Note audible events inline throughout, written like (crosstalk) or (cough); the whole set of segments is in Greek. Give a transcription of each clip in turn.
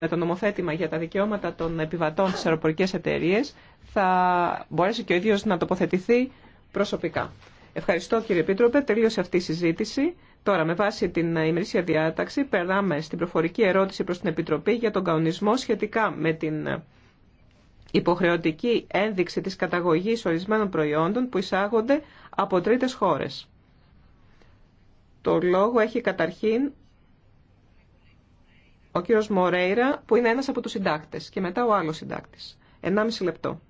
με το νομοθέτημα για τα δικαιώματα των επιβατών στις αεροπορικές εταιρείες θα μπορέσει και ο ίδιος να τοποθετηθεί προσωπικά. Ευχαριστώ κύριε Επίτροπε. Τελείωσε αυτή η συζήτηση. Τώρα με βάση την ημερήσια διάταξη περνάμε στην προφορική ερώτηση προς την Επιτροπή για τον καονισμό σχετικά με την υποχρεωτική ένδειξη της καταγωγής ορισμένων προϊόντων που εισάγονται από τρίτες χώρες. Το λόγο έχει καταρχήν ο κύριος Μορέιρα, που είναι ένας από τους συντάκτες, και μετά ο άλλος συντάκτης. Ενάμιση λεπτό.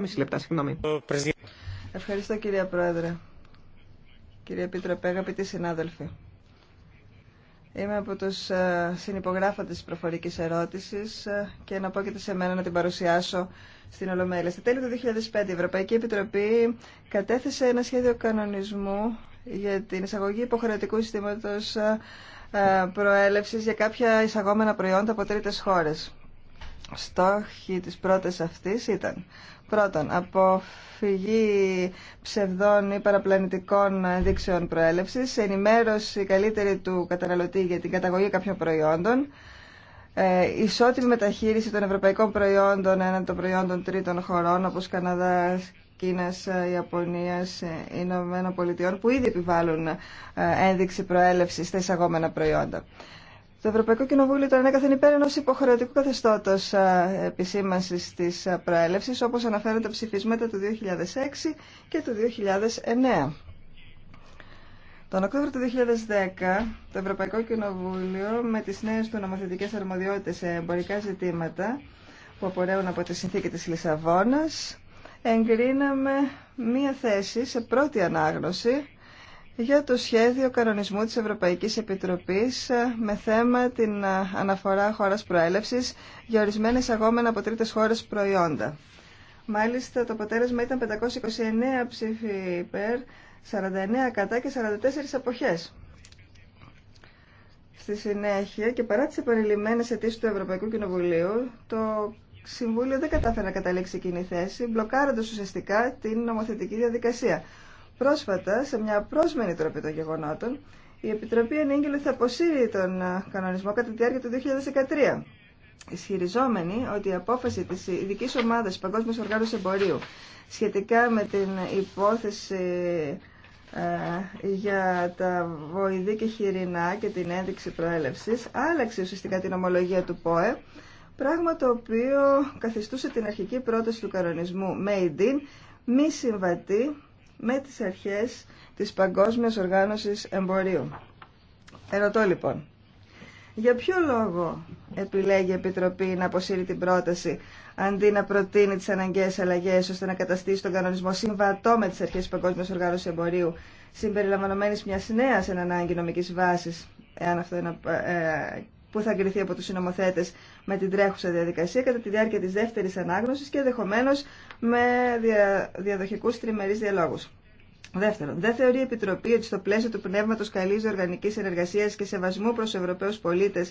μισή λεπτά, συγγνώμη. Ευχαριστώ κυρία Πρόεδρε. Κύριε Επίτροπε, αγαπητοί συνάδελφοι. Είμαι από τους ε, συνυπογράφοντε τη προφορική ερώτηση ε, και να πω και σε μένα να την παρουσιάσω στην Ολομέλεια. Στα τέλη του 2005 η Ευρωπαϊκή Επιτροπή κατέθεσε ένα σχέδιο κανονισμού για την εισαγωγή υποχρεωτικού συστήματος ε, ε, προέλευσης για κάποια εισαγόμενα προϊόντα από τρίτες χώρες. Στόχοι της πρώτης αυτής ήταν πρώτον αποφυγή ψευδών ή παραπλανητικών δείξεων προέλευσης, ενημέρωση καλύτερη του καταναλωτή για την καταγωγή κάποιων προϊόντων, ε, ισότιμη μεταχείριση των ευρωπαϊκών προϊόντων έναν των προϊόντων τρίτων χωρών όπως Καναδάς Κίνας, Ιαπωνίας, Ηνωμένων Πολιτειών που ήδη επιβάλλουν ε, ένδειξη προέλευσης στα εισαγόμενα προϊόντα. Το Ευρωπαϊκό Κοινοβούλιο τώρα ανέκαθεν υπέρ ενό υποχρεωτικού καθεστώτος ε, επισήμανσης της ε, προέλευσης, όπως αναφέρουν τα ψηφίσματα του 2006 και του 2009. Τον Οκτώβριο του 2010, το Ευρωπαϊκό Κοινοβούλιο, με τις νέες του νομοθετικέ αρμοδιότητες σε εμπορικά ζητήματα που απορρέουν από τη συνθήκη τη Λισαβόνα, εγκρίναμε μία θέση σε πρώτη ανάγνωση για το σχέδιο κανονισμού της Ευρωπαϊκής Επιτροπής με θέμα την αναφορά χώρας προέλευσης για ορισμένες αγόμενα από τρίτες χώρες προϊόντα. Μάλιστα το αποτέλεσμα ήταν 529 ψήφοι υπέρ, 49 κατά και 44 αποχές. Στη συνέχεια και παρά τις επανειλημμένες αιτήσεις του Ευρωπαϊκού Κοινοβουλίου, το Συμβούλιο δεν κατάφερε να καταλήξει εκείνη η θέση, μπλοκάροντα ουσιαστικά την νομοθετική διαδικασία. Πρόσφατα, σε μια απρόσμενη τροπή των γεγονότων, η Επιτροπή ανήγγειλε θα αποσύρει τον ε, κανονισμό κατά τη διάρκεια του 2013 ισχυριζόμενη ότι η απόφαση τη ειδική ομάδα Παγκόσμιου Οργάνωση Εμπορίου σχετικά με την υπόθεση ε, για τα βοηδή και χοιρινά και την ένδειξη προέλευσης άλλαξε ουσιαστικά την ομολογία του ΠΟΕ πράγμα το οποίο καθιστούσε την αρχική πρόταση του κανονισμού Made in μη συμβατή με τις αρχές της Παγκόσμιας Οργάνωσης Εμπορίου. Ερωτώ λοιπόν, για ποιο λόγο επιλέγει η Επιτροπή να αποσύρει την πρόταση αντί να προτείνει τις αναγκαίες αλλαγές ώστε να καταστήσει τον κανονισμό συμβατό με τις αρχές της Παγκόσμιας Οργάνωσης Εμπορίου συμπεριλαμβανομένης μιας νέας εν ανάγκη νομικής βάσης εάν αυτό είναι ε, που θα εγκριθεί από του συνομοθέτες με την τρέχουσα διαδικασία κατά τη διάρκεια τη δεύτερη ανάγνωση και ενδεχομένω με δια, διαδοχικούς τριμερείς διαλόγους. Δεύτερον, δεν θεωρεί η Επιτροπή ότι στο πλαίσιο του πνεύματος καλής οργανικής συνεργασία και σεβασμού προ Ευρωπαίου πολίτε,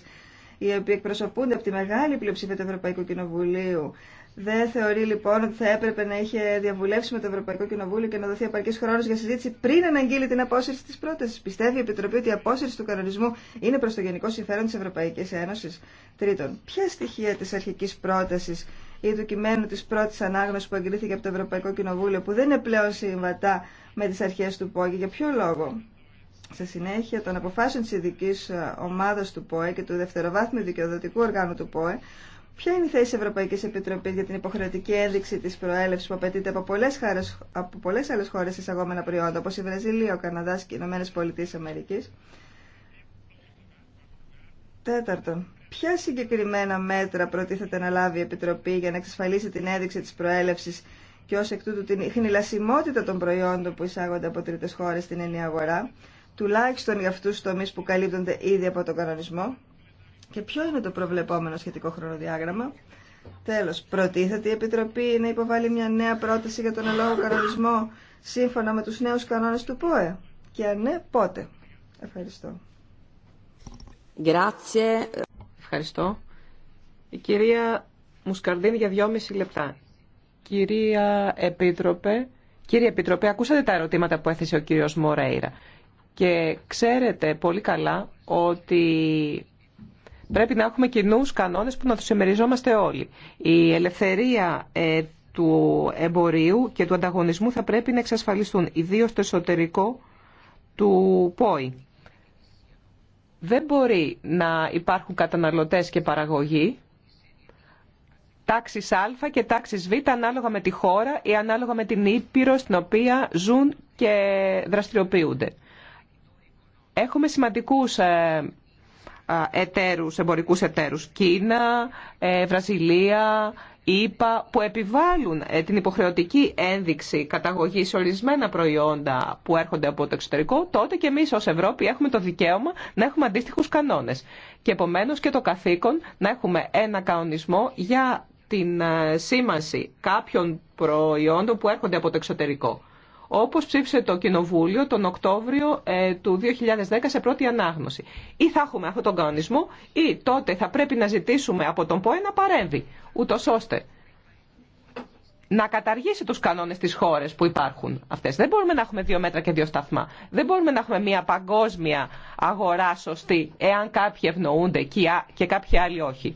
οι οποίοι εκπροσωπούνται από τη μεγάλη πλειοψηφία του Ευρωπαϊκού Κοινοβουλίου δεν θεωρεί λοιπόν ότι θα έπρεπε να είχε διαβουλεύσει με το Ευρωπαϊκό Κοινοβούλιο και να δοθεί επαρκή χρόνο για συζήτηση πριν αναγγείλει την απόσυρση τη πρόταση. Πιστεύει η Επιτροπή ότι η απόσυρση του κανονισμού είναι προ το γενικό συμφέρον τη Ευρωπαϊκή Ένωση. Τρίτον, ποια στοιχεία τη αρχική πρόταση ή του κειμένου τη πρώτη ανάγνωση που εγκρίθηκε από το Ευρωπαϊκό Κοινοβούλιο που δεν είναι πλέον συμβατά με τι αρχέ του ΠΟΕ για ποιο λόγο. Σε συνέχεια των αποφάσεων τη ειδική ομάδα του ΠΟΕ και του δευτεροβάθμιου δικαιοδοτικού οργάνου του ΠΟΕ, Ποια είναι η θέση τη Ευρωπαϊκή Επιτροπή για την υποχρεωτική ένδειξη τη προέλευση που απαιτείται από πολλέ χώρες, άλλε χώρε εισαγόμενα προϊόντα, όπω η Βραζιλία, ο Καναδά και οι Ηνωμένε Πολιτείε Αμερική. Τέταρτον, ποια συγκεκριμένα μέτρα προτίθεται να λάβει η Επιτροπή για να εξασφαλίσει την ένδειξη τη προέλευση και ω εκ τούτου την χνηλασιμότητα των προϊόντων που εισάγονται από τρίτε χώρε στην ενιαία αγορά, τουλάχιστον για αυτού του τομεί που καλύπτονται ήδη από τον κανονισμό. Και ποιο είναι το προβλεπόμενο σχετικό χρονοδιάγραμμα. τέλο, προτίθεται η Επιτροπή να υποβάλει μια νέα πρόταση για τον ελόγο κανονισμό σύμφωνα με του νέου κανόνε του ΠΟΕ. Και αν ναι, πότε. Ευχαριστώ. Ευχαριστώ. Η κυρία Μουσκαρδίνη για δυόμιση λεπτά. Κυρία Επίτροπε, κύριε Επίτροπε, ακούσατε τα ερωτήματα που έθεσε ο κύριος Μορέιρα. Και ξέρετε πολύ καλά ότι Πρέπει να έχουμε κοινού κανόνες που να του εμεριζόμαστε όλοι. Η ελευθερία ε, του εμπορίου και του ανταγωνισμού θα πρέπει να εξασφαλιστούν, ιδίω στο εσωτερικό του ΠΟΗ. Δεν μπορεί να υπάρχουν καταναλωτές και παραγωγοί τάξης Α και τάξης Β ανάλογα με τη χώρα ή ανάλογα με την Ήπειρο στην οποία ζουν και δραστηριοποιούνται. Έχουμε σημαντικούς ε, εταίρους, εμπορικούς εταίρους, Κίνα, ε, Βραζιλία, ΗΠΑ, που επιβάλλουν ε, την υποχρεωτική ένδειξη καταγωγής σε ορισμένα προϊόντα που έρχονται από το εξωτερικό, τότε και εμείς ως Ευρώπη έχουμε το δικαίωμα να έχουμε αντίστοιχους κανόνες. Και επομένως και το καθήκον να έχουμε ένα κανονισμό για την ε, σήμανση κάποιων προϊόντων που έρχονται από το εξωτερικό όπως ψήφισε το Κοινοβούλιο τον Οκτώβριο ε, του 2010 σε πρώτη ανάγνωση. Ή θα έχουμε αυτόν τον κανονισμό ή τότε θα πρέπει να ζητήσουμε από τον ΠΟΕ να παρέμβει, ούτως ώστε να καταργήσει τους κανόνες της χώρες που υπάρχουν αυτές. Δεν μπορούμε να έχουμε δύο μέτρα και δύο σταθμά. Δεν μπορούμε να έχουμε μια παγκόσμια αγορά σωστή, εάν κάποιοι ευνοούνται και κάποιοι άλλοι όχι.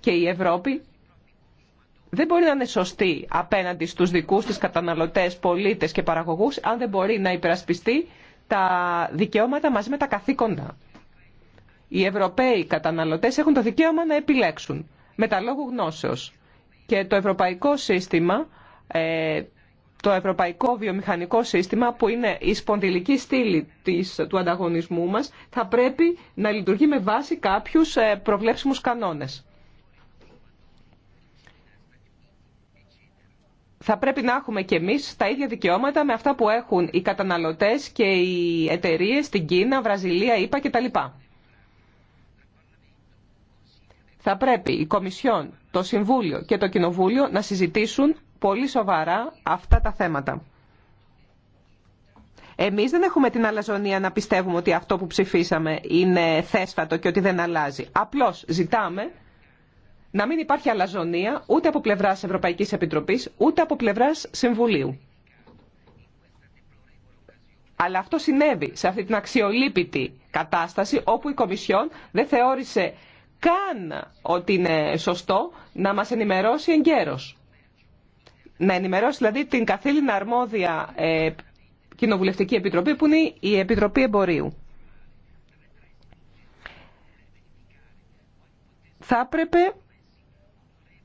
Και η Ευρώπη δεν μπορεί να είναι σωστή απέναντι στους δικούς της καταναλωτές, πολίτες και παραγωγούς αν δεν μπορεί να υπερασπιστεί τα δικαιώματα μαζί με τα καθήκοντα. Οι Ευρωπαίοι καταναλωτές έχουν το δικαίωμα να επιλέξουν με τα λόγου γνώσεως. Και το ευρωπαϊκό σύστημα, ε, το ευρωπαϊκό βιομηχανικό σύστημα που είναι η σπονδυλική στήλη της, του ανταγωνισμού μας θα πρέπει να λειτουργεί με βάση κάποιους ε, προβλέψιμους κανόνες. θα πρέπει να έχουμε και εμείς τα ίδια δικαιώματα με αυτά που έχουν οι καταναλωτές και οι εταιρείες στην Κίνα, Βραζιλία, ΙΠΑ κτλ. Θα πρέπει η Κομισιόν, το Συμβούλιο και το Κοινοβούλιο να συζητήσουν πολύ σοβαρά αυτά τα θέματα. Εμείς δεν έχουμε την αλαζονία να πιστεύουμε ότι αυτό που ψηφίσαμε είναι θέσφατο και ότι δεν αλλάζει. Απλώς ζητάμε να μην υπάρχει αλαζονία ούτε από πλευρά Ευρωπαϊκή Επιτροπή ούτε από πλευρά Συμβουλίου. Αλλά αυτό συνέβη σε αυτή την αξιολύπητη κατάσταση όπου η Κομισιόν δεν θεώρησε καν ότι είναι σωστό να μας ενημερώσει εγκαίρως. Να ενημερώσει δηλαδή την καθήλυνα αρμόδια ε, κοινοβουλευτική επιτροπή που είναι η Επιτροπή Εμπορίου. Θα έπρεπε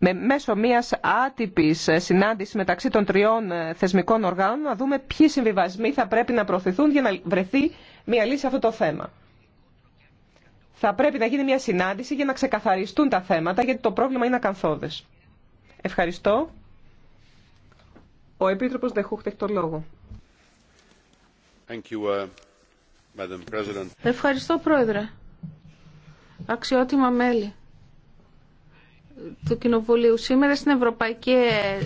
με μέσω μια άτυπη συνάντηση μεταξύ των τριών ε, θεσμικών οργάνων να δούμε ποιοι συμβιβασμοί θα πρέπει να προωθηθούν για να βρεθεί μια λύση σε αυτό το θέμα. Θα πρέπει να γίνει μια συνάντηση για να ξεκαθαριστούν τα θέματα γιατί το πρόβλημα είναι ακαθόδε. Ευχαριστώ. Ο Επίτροπος Δεχούχτ έχει το λόγο. Thank you, uh, Madam Ευχαριστώ Πρόεδρε. Αξιότιμα μέλη του Κοινοβουλίου. Σήμερα στην Ευρωπαϊκή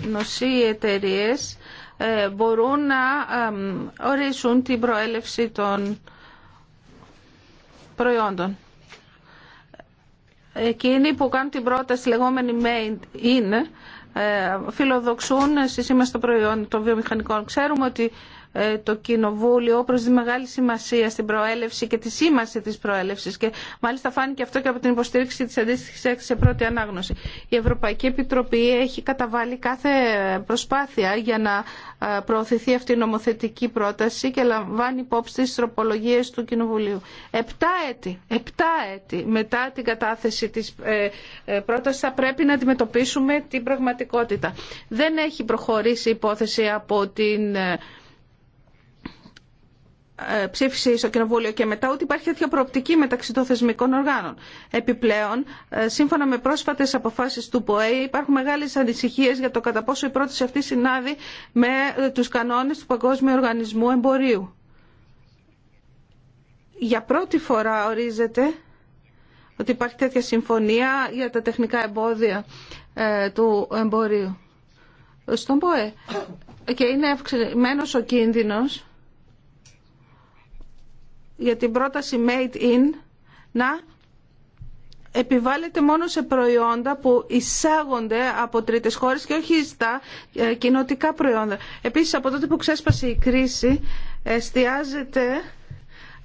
Ένωση οι εταιρείε ε, μπορούν να ορίσουν την προέλευση των προϊόντων. Εκείνοι που κάνουν την πρόταση λεγόμενη made in ε, φιλοδοξούν στη σήμερα των προϊόντων των βιομηχανικών. Ξέρουμε ότι ε, το Κοινοβούλιο προς τη μεγάλη σημασία στην προέλευση και τη σήμανση της προέλευσης και μάλιστα φάνηκε αυτό και από την υποστήριξη της αντίστοιχης έκθεσης σε πρώτη ανάγνωση. Η Ευρωπαϊκή Επιτροπή έχει καταβάλει κάθε προσπάθεια για να ε, προωθηθεί αυτή η νομοθετική πρόταση και λαμβάνει υπόψη τις τροπολογίες του Κοινοβουλίου. Επτά έτη, επτά έτη μετά την κατάθεση της ε, πρότασης θα πρέπει να αντιμετωπίσουμε την πραγματικότητα. Δεν έχει προχωρήσει υπόθεση από την ε, ψήφισε στο Κοινοβούλιο και μετά ότι υπάρχει τέτοια προοπτική μεταξύ των θεσμικών οργάνων. Επιπλέον, ε, σύμφωνα με πρόσφατε αποφάσει του ΠΟΕ, υπάρχουν μεγάλε ανησυχίε για το κατά πόσο η πρόταση αυτή συνάδει με ε, του κανόνε του Παγκόσμιου Οργανισμού Εμπορίου. Για πρώτη φορά ορίζεται ότι υπάρχει τέτοια συμφωνία για τα τεχνικά εμπόδια του εμπορίου. Στον ΠΟΕ. Και είναι αυξημένο ο κίνδυνος για την πρόταση Made in να επιβάλλεται μόνο σε προϊόντα που εισάγονται από τρίτες χώρες και όχι στα ε, κοινοτικά προϊόντα. Επίσης, από τότε που ξέσπασε η κρίση, εστιάζεται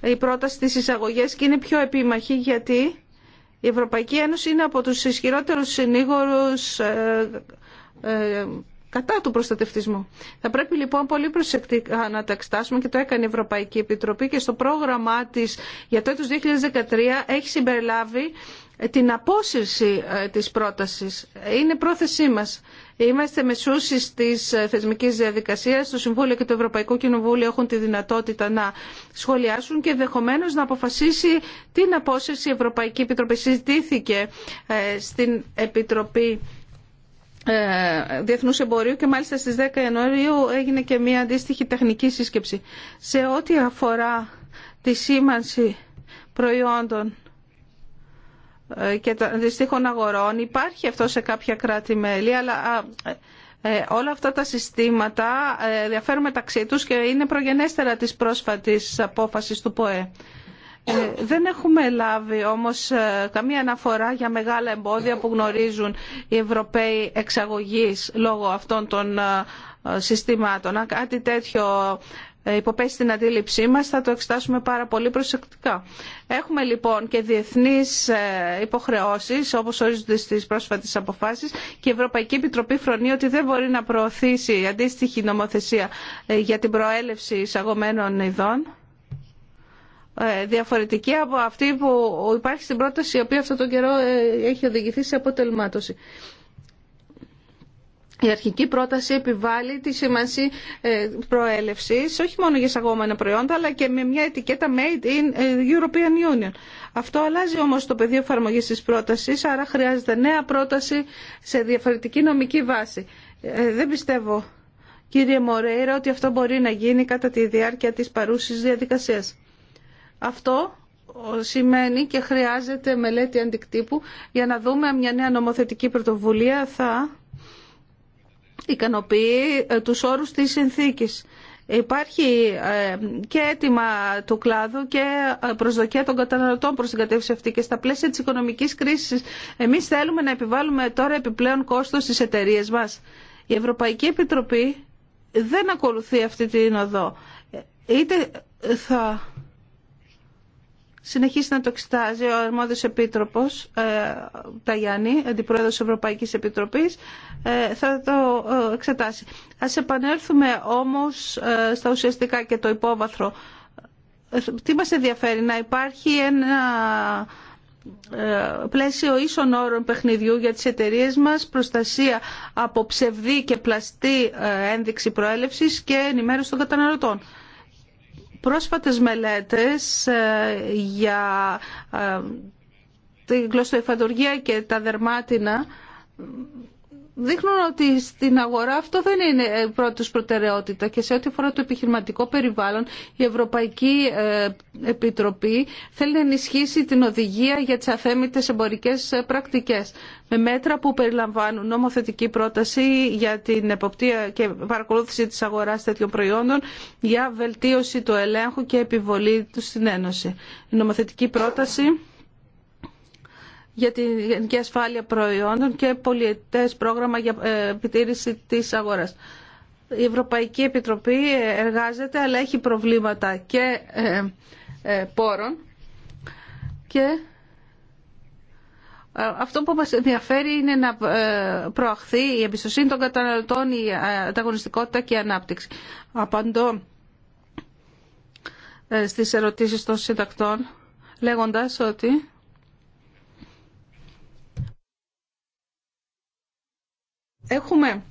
η πρόταση στις εισαγωγές και είναι πιο επίμαχη γιατί η Ευρωπαϊκή Ένωση είναι από τους ισχυρότερους συνήγορους ε, ε, κατά του προστατευτισμού. Θα πρέπει λοιπόν πολύ προσεκτικά να τα εξετάσουμε και το έκανε η Ευρωπαϊκή Επιτροπή και στο πρόγραμμά της για το έτος 2013 έχει συμπεριλάβει ε, την απόσυρση ε, της πρότασης. Είναι πρόθεσή μας. Είμαστε μεσούσει τη ε, θεσμική διαδικασία, Το Συμβούλιο και το Ευρωπαϊκό Κοινοβούλιο έχουν τη δυνατότητα να σχολιάσουν και ενδεχομένω να αποφασίσει την απόσυρση η Ευρωπαϊκή Επιτροπή. Συζητήθηκε στην Επιτροπή ε, διεθνούς εμπορίου και μάλιστα στις 10 Ιανουαρίου έγινε και μια αντίστοιχη τεχνική σύσκεψη. Σε ό,τι αφορά τη σήμανση προϊόντων ε, και των αντιστοίχων αγορών υπάρχει αυτό σε κάποια κράτη-μέλη, αλλά ε, όλα αυτά τα συστήματα διαφέρουν μεταξύ τους και είναι προγενέστερα της πρόσφατης απόφασης του ΠΟΕ. Ε, δεν έχουμε λάβει όμως ε, καμία αναφορά για μεγάλα εμπόδια που γνωρίζουν οι Ευρωπαίοι εξαγωγείς λόγω αυτών των ε, συστημάτων. Αν κάτι τέτοιο υποπέσει την αντίληψή μας θα το εξετάσουμε πάρα πολύ προσεκτικά. Έχουμε λοιπόν και διεθνείς υποχρεώσεις όπως ορίζονται στις πρόσφατες αποφάσεις και η Ευρωπαϊκή Επιτροπή φρονεί ότι δεν μπορεί να προωθήσει αντίστοιχη νομοθεσία για την προέλευση εισαγωμένων ειδών ε, διαφορετική από αυτή που υπάρχει στην πρόταση η οποία αυτόν τον καιρό ε, έχει οδηγηθεί σε αποτελμάτωση. Η αρχική πρόταση επιβάλλει τη σημασία ε, προέλευσης όχι μόνο για εισαγόμενα προϊόντα αλλά και με μια ετικέτα Made in European Union. Αυτό αλλάζει όμως το πεδίο εφαρμογή της πρότασης άρα χρειάζεται νέα πρόταση σε διαφορετική νομική βάση. Δεν πιστεύω κύριε Μορέιρα ότι αυτό μπορεί να γίνει κατά τη διάρκεια της παρούση διαδικασίας. Αυτό σημαίνει και χρειάζεται μελέτη αντικτύπου για να δούμε αν μια νέα νομοθετική πρωτοβουλία θα ικανοποιεί ε, τους όρους της συνθήκης. Υπάρχει ε, και αίτημα του κλάδου και ε, προσδοκία των καταναλωτών προς την κατεύθυνση αυτή και στα πλαίσια της οικονομικής κρίσης. Εμείς θέλουμε να επιβάλλουμε τώρα επιπλέον κόστος στις εταιρείε μας. Η Ευρωπαϊκή Επιτροπή δεν ακολουθεί αυτή την οδό. Είτε θα Συνεχίζει να το εξετάζει ο αρμόδιος επίτροπος ε, Ταγιάννη, αντιπρόεδρος της Ευρωπαϊκής Επιτροπής, ε, θα το ε, εξετάσει. Ας επανέλθουμε όμως ε, στα ουσιαστικά και το υπόβαθρο. Τι μας ενδιαφέρει, να υπάρχει ένα πλαίσιο ίσων όρων παιχνιδιού για τις εταιρείες μας, προστασία από ψευδή και πλαστή ένδειξη προέλευσης και ενημέρωση των καταναλωτών. Πρόσφατες μελέτες ε, για ε, τη γλωστοεφαντουργία και τα δερμάτινα δείχνουν ότι στην αγορά αυτό δεν είναι ε, πρώτος προτεραιότητα και σε ό,τι αφορά το επιχειρηματικό περιβάλλον η Ευρωπαϊκή ε, Επιτροπή θέλει να ενισχύσει την οδηγία για τις αθέμητες εμπορικές ε, πρακτικές με μέτρα που περιλαμβάνουν νομοθετική πρόταση για την εποπτεία και παρακολούθηση της αγοράς τέτοιων προϊόντων για βελτίωση του ελέγχου και επιβολή του στην Ένωση. Η νομοθετική πρόταση για την γενική ασφάλεια προϊόντων και πολιετές πρόγραμμα για ε, επιτήρηση της αγοράς. Η Ευρωπαϊκή Επιτροπή εργάζεται αλλά έχει προβλήματα και ε, ε, πόρων και αυτό που μας ενδιαφέρει είναι να προαχθεί η εμπιστοσύνη των καταναλωτών, η ανταγωνιστικότητα και η ανάπτυξη. Απαντώ στις ερωτήσεις των συντακτών λέγοντας ότι Έχουμε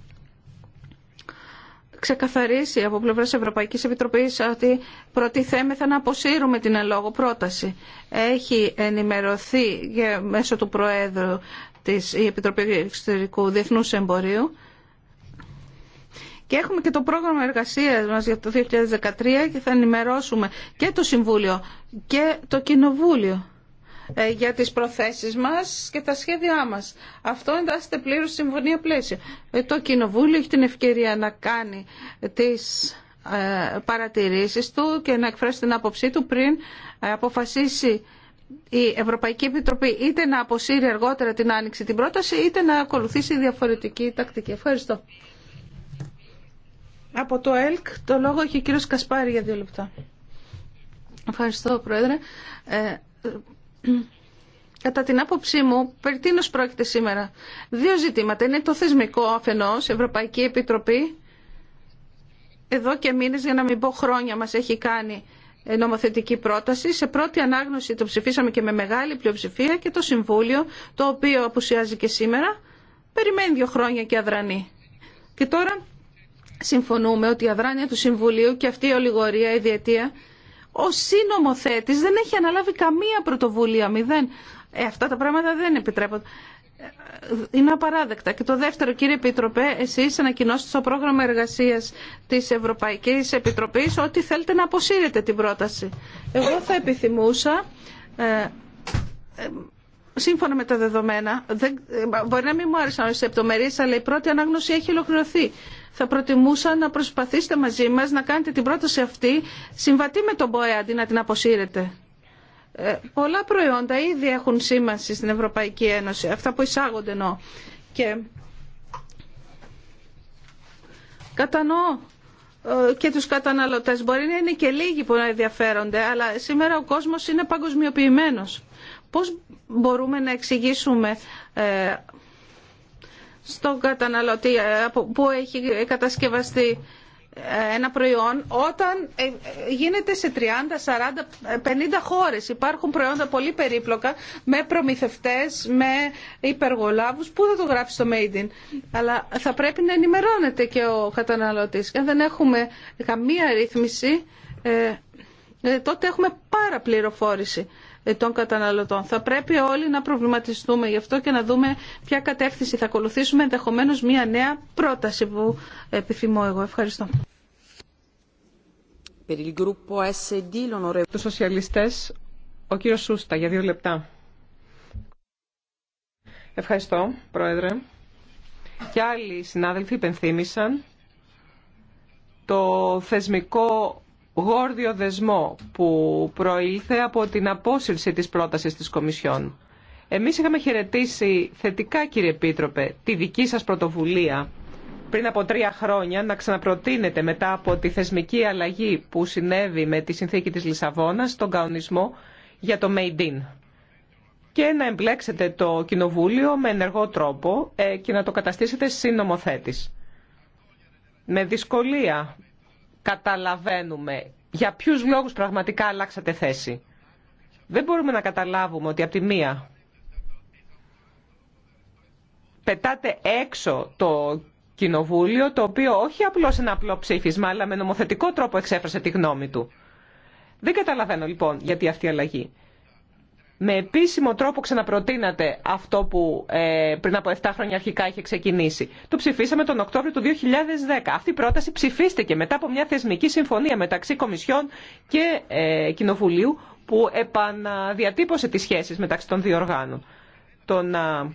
ξεκαθαρίσει από πλευράς Ευρωπαϊκής Επιτροπής ότι προτιθέμεθα να αποσύρουμε την ελόγω πρόταση. Έχει ενημερωθεί μέσω του Προέδρου της Επιτροπή Εξωτερικού Διεθνούς Εμπορίου και έχουμε και το πρόγραμμα εργασίας μας για το 2013 και θα ενημερώσουμε και το Συμβούλιο και το Κοινοβούλιο ε, για τις προθέσεις μας και τα σχέδιά μας. Αυτό εντάσσεται πλήρως στη συμφωνία πλαίσιο. Ε, το Κοινοβούλιο έχει την ευκαιρία να κάνει τις ε, παρατηρήσεις του και να εκφράσει την άποψή του πριν αποφασίσει η Ευρωπαϊκή Επιτροπή είτε να αποσύρει αργότερα την άνοιξη την πρόταση είτε να ακολουθήσει διαφορετική τακτική. Ευχαριστώ. Από το ΕΛΚ το λόγο έχει ο κύριος Κασπάρη για δύο λεπτά. Ευχαριστώ, Πρόεδρε. Κατά την άποψή μου, περί τίνος πρόκειται σήμερα. Δύο ζητήματα. Είναι το θεσμικό αφενός, Ευρωπαϊκή Επιτροπή. Εδώ και μήνες, για να μην πω χρόνια, μας έχει κάνει ε, νομοθετική πρόταση. Σε πρώτη ανάγνωση το ψηφίσαμε και με μεγάλη πλειοψηφία και το Συμβούλιο, το οποίο απουσιάζει και σήμερα, περιμένει δύο χρόνια και αδρανεί. Και τώρα συμφωνούμε ότι η αδράνεια του Συμβουλίου και αυτή η ολιγορία, η ο σύνομοθέτης δεν έχει αναλάβει καμία πρωτοβουλία, μηδέν. Ε, αυτά τα πράγματα δεν επιτρέπονται. Ε, είναι απαράδεκτα. Και το δεύτερο, κύριε Επίτροπε, εσεί ανακοινώσετε στο πρόγραμμα εργασία τη Ευρωπαϊκή Επιτροπή ότι θέλετε να αποσύρετε την πρόταση. Εγώ θα επιθυμούσα ε, σύμφωνα με τα δεδομένα, δεν, ε, μπορεί να μην μου άρεσαν όλε τι λεπτομέρειε, αλλά η πρώτη ανάγνωση έχει ολοκληρωθεί. Θα προτιμούσα να προσπαθήσετε μαζί μα να κάνετε την πρόταση αυτή συμβατή με τον ΠΟΕ αντί να την αποσύρετε. Ε, πολλά προϊόντα ήδη έχουν σήμανση στην Ευρωπαϊκή Ένωση, αυτά που εισάγονται εννοώ. Και κατανοώ ε, και τους καταναλωτές. Μπορεί να είναι και λίγοι που να ενδιαφέρονται, αλλά σήμερα ο κόσμος είναι παγκοσμιοποιημένο. Πώς μπορούμε να εξηγήσουμε ε, στον καταναλωτή ε, που έχει κατασκευαστεί ε, ένα προϊόν όταν γίνεται σε 30, 40, 50 χώρες. Υπάρχουν προϊόντα πολύ περίπλοκα με προμηθευτές, με υπεργολάβους. Πού θα το γράφει στο Made in. Αλλά θα πρέπει να ενημερώνεται και ο καταναλωτής. Αν δεν έχουμε καμία ρύθμιση τότε έχουμε πάρα πληροφόρηση. Ε, των καταναλωτών. Θα πρέπει όλοι να προβληματιστούμε γι' αυτό και να δούμε ποια κατεύθυνση θα ακολουθήσουμε, ενδεχομένω μια νέα πρόταση που επιθυμώ εγώ. Ευχαριστώ. του σοσιαλιστές, ο κύριος Σούστα, για δύο λεπτά. Ευχαριστώ, Πρόεδρε. Και άλλοι συνάδελφοι υπενθύμησαν το θεσμικό γόρδιο δεσμό που προήλθε από την απόσυρση της πρότασης της Κομισιόν. Εμείς είχαμε χαιρετήσει θετικά, κύριε Επίτροπε, τη δική σας πρωτοβουλία πριν από τρία χρόνια να ξαναπροτείνετε μετά από τη θεσμική αλλαγή που συνέβη με τη συνθήκη της Λισαβόνας τον καονισμό για το Made in και να εμπλέξετε το Κοινοβούλιο με ενεργό τρόπο ε, και να το καταστήσετε συνομοθέτης. Με δυσκολία καταλαβαίνουμε για ποιους λόγους πραγματικά αλλάξατε θέση. Δεν μπορούμε να καταλάβουμε ότι από τη μία πετάτε έξω το κοινοβούλιο, το οποίο όχι απλώς ένα απλό ψήφισμα, αλλά με νομοθετικό τρόπο εξέφρασε τη γνώμη του. Δεν καταλαβαίνω λοιπόν γιατί αυτή η αλλαγή με επίσημο τρόπο ξαναπροτείνατε αυτό που ε, πριν από 7 χρόνια αρχικά είχε ξεκινήσει. Το ψηφίσαμε τον Οκτώβριο του 2010. Αυτή η πρόταση ψηφίστηκε μετά από μια θεσμική συμφωνία μεταξύ Κομισιών και ε, Κοινοβουλίου που επαναδιατύπωσε τις σχέσεις μεταξύ των δύο οργάνων. Το να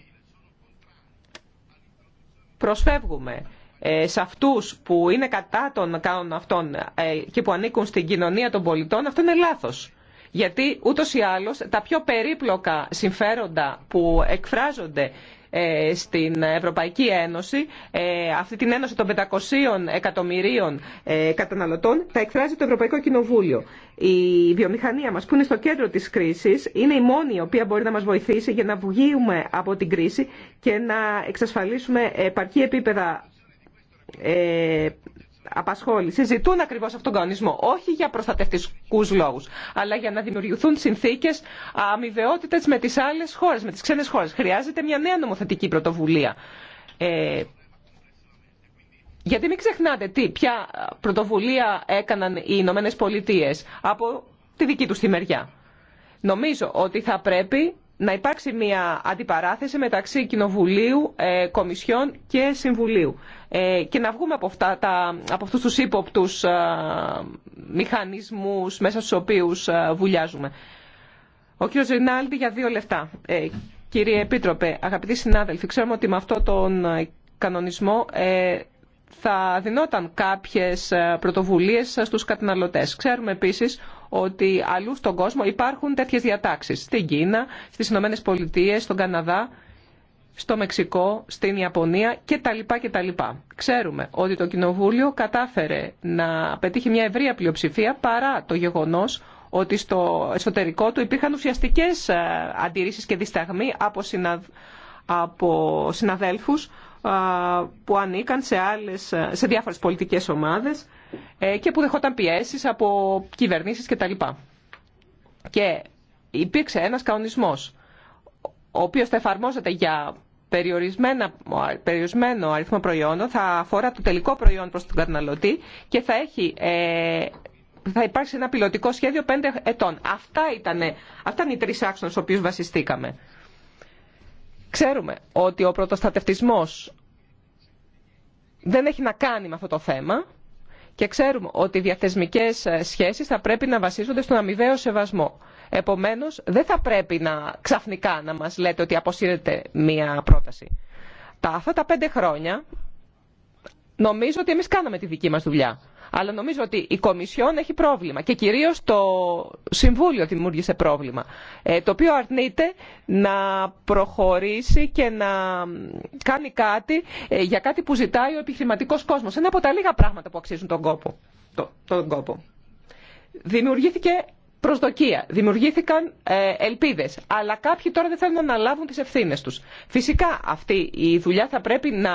προσφεύγουμε ε, σε αυτούς που είναι κατά των κάνων αυτών ε, και που ανήκουν στην κοινωνία των πολιτών, αυτό είναι λάθος. Γιατί ούτως ή άλλως τα πιο περίπλοκα συμφέροντα που εκφράζονται ε, στην Ευρωπαϊκή Ένωση, ε, αυτή την ένωση των 500 εκατομμυρίων ε, καταναλωτών, τα εκφράζει το Ευρωπαϊκό Κοινοβούλιο. Η βιομηχανία μας που είναι στο κέντρο της κρίσης είναι η μόνη η οποία μπορεί να μας βοηθήσει για να βγούμε από την κρίση και να εξασφαλίσουμε επαρκή επίπεδα απασχόληση ζητούν ακριβώς αυτόν τον κανονισμό. Όχι για προστατευτικούς λόγους, αλλά για να δημιουργηθούν συνθήκες αμοιβαιότητες με τις άλλες χώρες, με τις ξένες χώρες. Χρειάζεται μια νέα νομοθετική πρωτοβουλία. Ε, γιατί μην ξεχνάτε τι, ποια πρωτοβουλία έκαναν οι Ηνωμένε Πολιτείε από τη δική του τη μεριά. Νομίζω ότι θα πρέπει να υπάρξει μια αντιπαράθεση μεταξύ Κοινοβουλίου, ε, Κομισιόν και Συμβουλίου. Ε, και να βγούμε από, αυτά τα, από αυτούς τους ύποπτους ε, μηχανισμούς μέσα στους οποίους ε, βουλιάζουμε. Ο κύριος Ρινάλντι για δύο λεφτά. Κύριε Επίτροπε, αγαπητοί συνάδελφοι, ξέρουμε ότι με αυτό τον κανονισμό θα δινόταν κάποιες πρωτοβουλίες στους καταναλωτές. Ξέρουμε επίσης ότι αλλού στον κόσμο υπάρχουν τέτοιες διατάξεις. Στην Κίνα, στις Ηνωμένες Πολιτείες, στον Καναδά στο Μεξικό, στην Ιαπωνία κτλ. κτλ. Ξέρουμε ότι το Κοινοβούλιο κατάφερε να πετύχει μια ευρεία πλειοψηφία παρά το γεγονός ότι στο εσωτερικό του υπήρχαν ουσιαστικές ε, αντιρρήσεις και δισταγμοί από, συναδέλφους ε, που ανήκαν σε, άλλες, σε διάφορες πολιτικές ομάδες ε, και που δεχόταν πιέσεις από κυβερνήσεις κτλ. Και υπήρξε ένας κανονισμός ο οποίος θα εφαρμόζεται για περιορισμένο αριθμό προϊόντων θα αφορά το τελικό προϊόν προς τον καταναλωτή και θα, έχει, ε, θα υπάρξει ένα πιλωτικό σχέδιο πέντε ετών. Αυτά, ήτανε, αυτά είναι οι τρεις άξονες στους οποίους βασιστήκαμε. Ξέρουμε ότι ο πρωτοστατευτισμός δεν έχει να κάνει με αυτό το θέμα και ξέρουμε ότι οι διαθεσμικές ε, σχέσεις θα πρέπει να βασίζονται στον αμοιβαίο σεβασμό. Επομένως, δεν θα πρέπει να ξαφνικά να μας λέτε ότι αποσύρετε μία πρόταση. Τα, αυτά τα πέντε χρόνια νομίζω ότι εμείς κάναμε τη δική μας δουλειά. Αλλά νομίζω ότι η Κομισιόν έχει πρόβλημα και κυρίως το Συμβούλιο δημιούργησε πρόβλημα, ε, το οποίο αρνείται να προχωρήσει και να κάνει κάτι ε, για κάτι που ζητάει ο επιχειρηματικός κόσμος. Ένα από τα λίγα πράγματα που αξίζουν τον κόπο. τον κόπο. Δημιουργήθηκε προσδοκία, δημιουργήθηκαν ε, ελπίδε. αλλά κάποιοι τώρα δεν θέλουν να αναλάβουν τι ευθύνε του. Φυσικά αυτή η δουλειά θα πρέπει να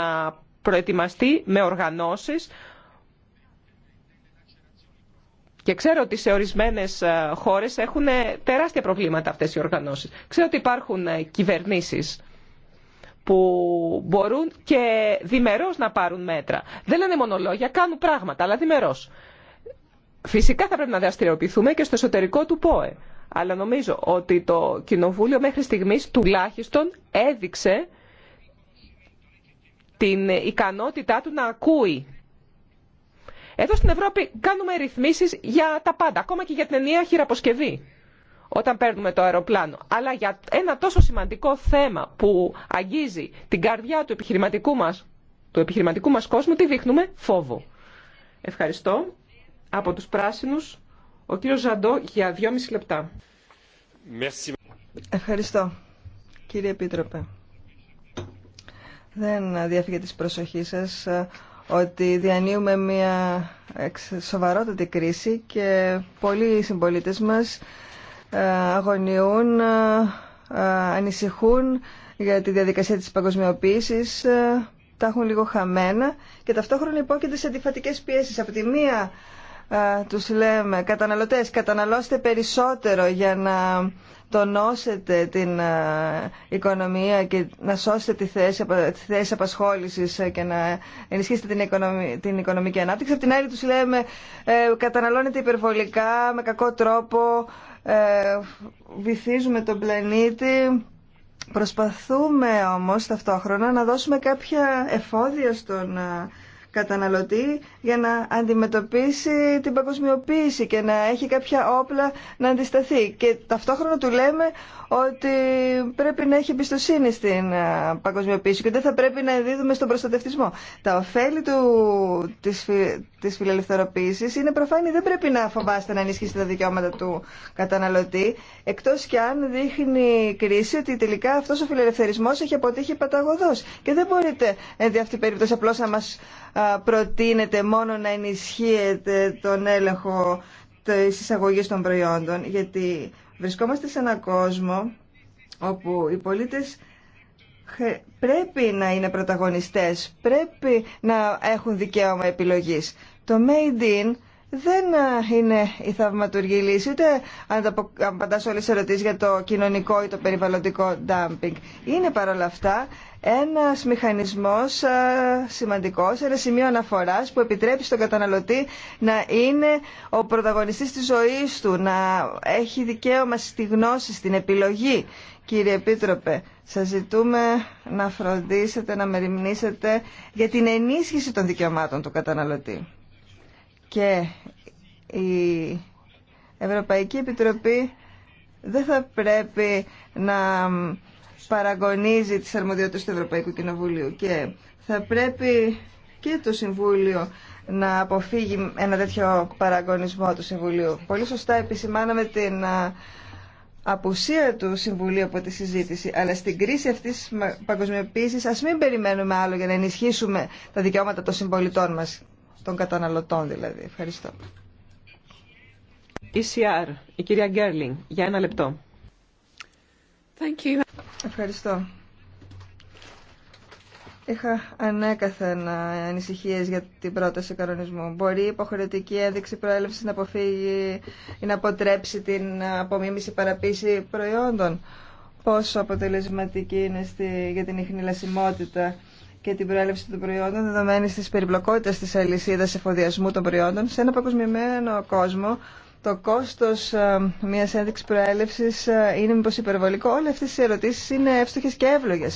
προετοιμαστεί με οργανώσει. και ξέρω ότι σε ορισμένε ε, χώρε έχουν ε, τεράστια προβλήματα αυτέ οι οργανώσει. Ξέρω ότι υπάρχουν κυβερνήσει που μπορούν και διμερώς να πάρουν μέτρα. Δεν λένε μονολόγια, κάνουν πράγματα, αλλά διμερώς. Φυσικά θα πρέπει να δραστηριοποιηθούμε και στο εσωτερικό του ΠΟΕ. Αλλά νομίζω ότι το Κοινοβούλιο μέχρι στιγμής τουλάχιστον έδειξε την ικανότητά του να ακούει. Εδώ στην Ευρώπη κάνουμε ρυθμίσεις για τα πάντα, ακόμα και για την ενιαία χειραποσκευή όταν παίρνουμε το αεροπλάνο. Αλλά για ένα τόσο σημαντικό θέμα που αγγίζει την καρδιά του επιχειρηματικού μας, του επιχειρηματικού μας κόσμου, τι δείχνουμε φόβο. Ευχαριστώ. Από τους πράσινους, ο κύριος Ζαντό για 2,5 λεπτά. Ευχαριστώ, κύριε Επίτροπε. Δεν διέφυγε της προσοχής σας ε, ότι διανύουμε μια σοβαρότατη κρίση και πολλοί συμπολίτες μας ε, αγωνιούν, ε, ανησυχούν για τη διαδικασία της παγκοσμιοποίησης, τα έχουν λίγο χαμένα και ταυτόχρονα υπόκειται σε αντιφατικές πιέσεις. Από τη μία τους λέμε καταναλωτές καταναλώστε περισσότερο για να τονώσετε την οικονομία και να σώσετε τη θέση, τη απασχόλησης και να ενισχύσετε την, οικονομική, την οικονομική ανάπτυξη. Από την άλλη τους λέμε «Ε, καταναλώνετε υπερβολικά, με κακό τρόπο, ε, βυθίζουμε τον πλανήτη. Προσπαθούμε όμως ταυτόχρονα να δώσουμε κάποια εφόδια στον καταναλωτή για να αντιμετωπίσει την παγκοσμιοποίηση και να έχει κάποια όπλα να αντισταθεί. Και ταυτόχρονα του λέμε ότι πρέπει να έχει εμπιστοσύνη στην ε, παγκοσμιοποίηση και δεν θα πρέπει να δίδουμε στον προστατευτισμό. Τα ωφέλη του, της, της φιλελευθεροποίησης είναι προφανή. Δεν πρέπει να φοβάστε να ενισχύσετε τα δικαιώματα του καταναλωτή, εκτός κι αν δείχνει κρίση ότι τελικά αυτός ο φιλελευθερισμός έχει αποτύχει παταγωδός. Και δεν μπορείτε, εν αυτή περίπτωση, απλώς να μας προτείνετε μόνο να ενισχύετε τον έλεγχο τη εισαγωγή των προϊόντων, γιατί Βρισκόμαστε σε έναν κόσμο όπου οι πολίτες πρέπει να είναι πρωταγωνιστές, πρέπει να έχουν δικαίωμα επιλογής. Το Made in δεν είναι η θαυματουργή λύση, ούτε αν απαντά όλε τι ερωτήσει για το κοινωνικό ή το περιβαλλοντικό dumping. Είναι παρόλα αυτά ένα μηχανισμό σημαντικό, ένα σημείο αναφορά που επιτρέπει στον καταναλωτή να είναι ο πρωταγωνιστής τη ζωή του, να έχει δικαίωμα στη γνώση, στην επιλογή. Κύριε Επίτροπε, σα ζητούμε να φροντίσετε, να μεριμνήσετε για την ενίσχυση των δικαιωμάτων του καταναλωτή. Και η Ευρωπαϊκή Επιτροπή δεν θα πρέπει να παραγωνίζει τις αρμοδιότητες του Ευρωπαϊκού Κοινοβουλίου και θα πρέπει και το Συμβούλιο να αποφύγει ένα τέτοιο παραγωνισμό του Συμβουλίου. Πολύ σωστά επισημάναμε την απουσία του Συμβουλίου από τη συζήτηση, αλλά στην κρίση αυτής της παγκοσμιοποίησης ας μην περιμένουμε άλλο για να ενισχύσουμε τα δικαιώματα των συμπολιτών μας των καταναλωτών δηλαδή. Ευχαριστώ. ECR, η κυρία Γκέρλινγκ, για ένα λεπτό. Thank you. Ευχαριστώ. Είχα ανέκαθεν ε, ανησυχίε για την πρόταση κανονισμού. Μπορεί η υποχρεωτική ένδειξη προέλευση να αποφύγει ή να αποτρέψει την απομίμηση παραποίηση προϊόντων. Πόσο αποτελεσματική είναι στη, για την ιχνηλασιμότητα και την προέλευση των προϊόντων δεδομένη τη περιπλοκότητα τη αλυσίδα εφοδιασμού των προϊόντων σε ένα παγκοσμιωμένο κόσμο. Το κόστο ε, μια ένδειξη προέλευση ε, είναι μήπω υπερβολικό. Όλε αυτέ οι ερωτήσει είναι εύστοχε και εύλογε.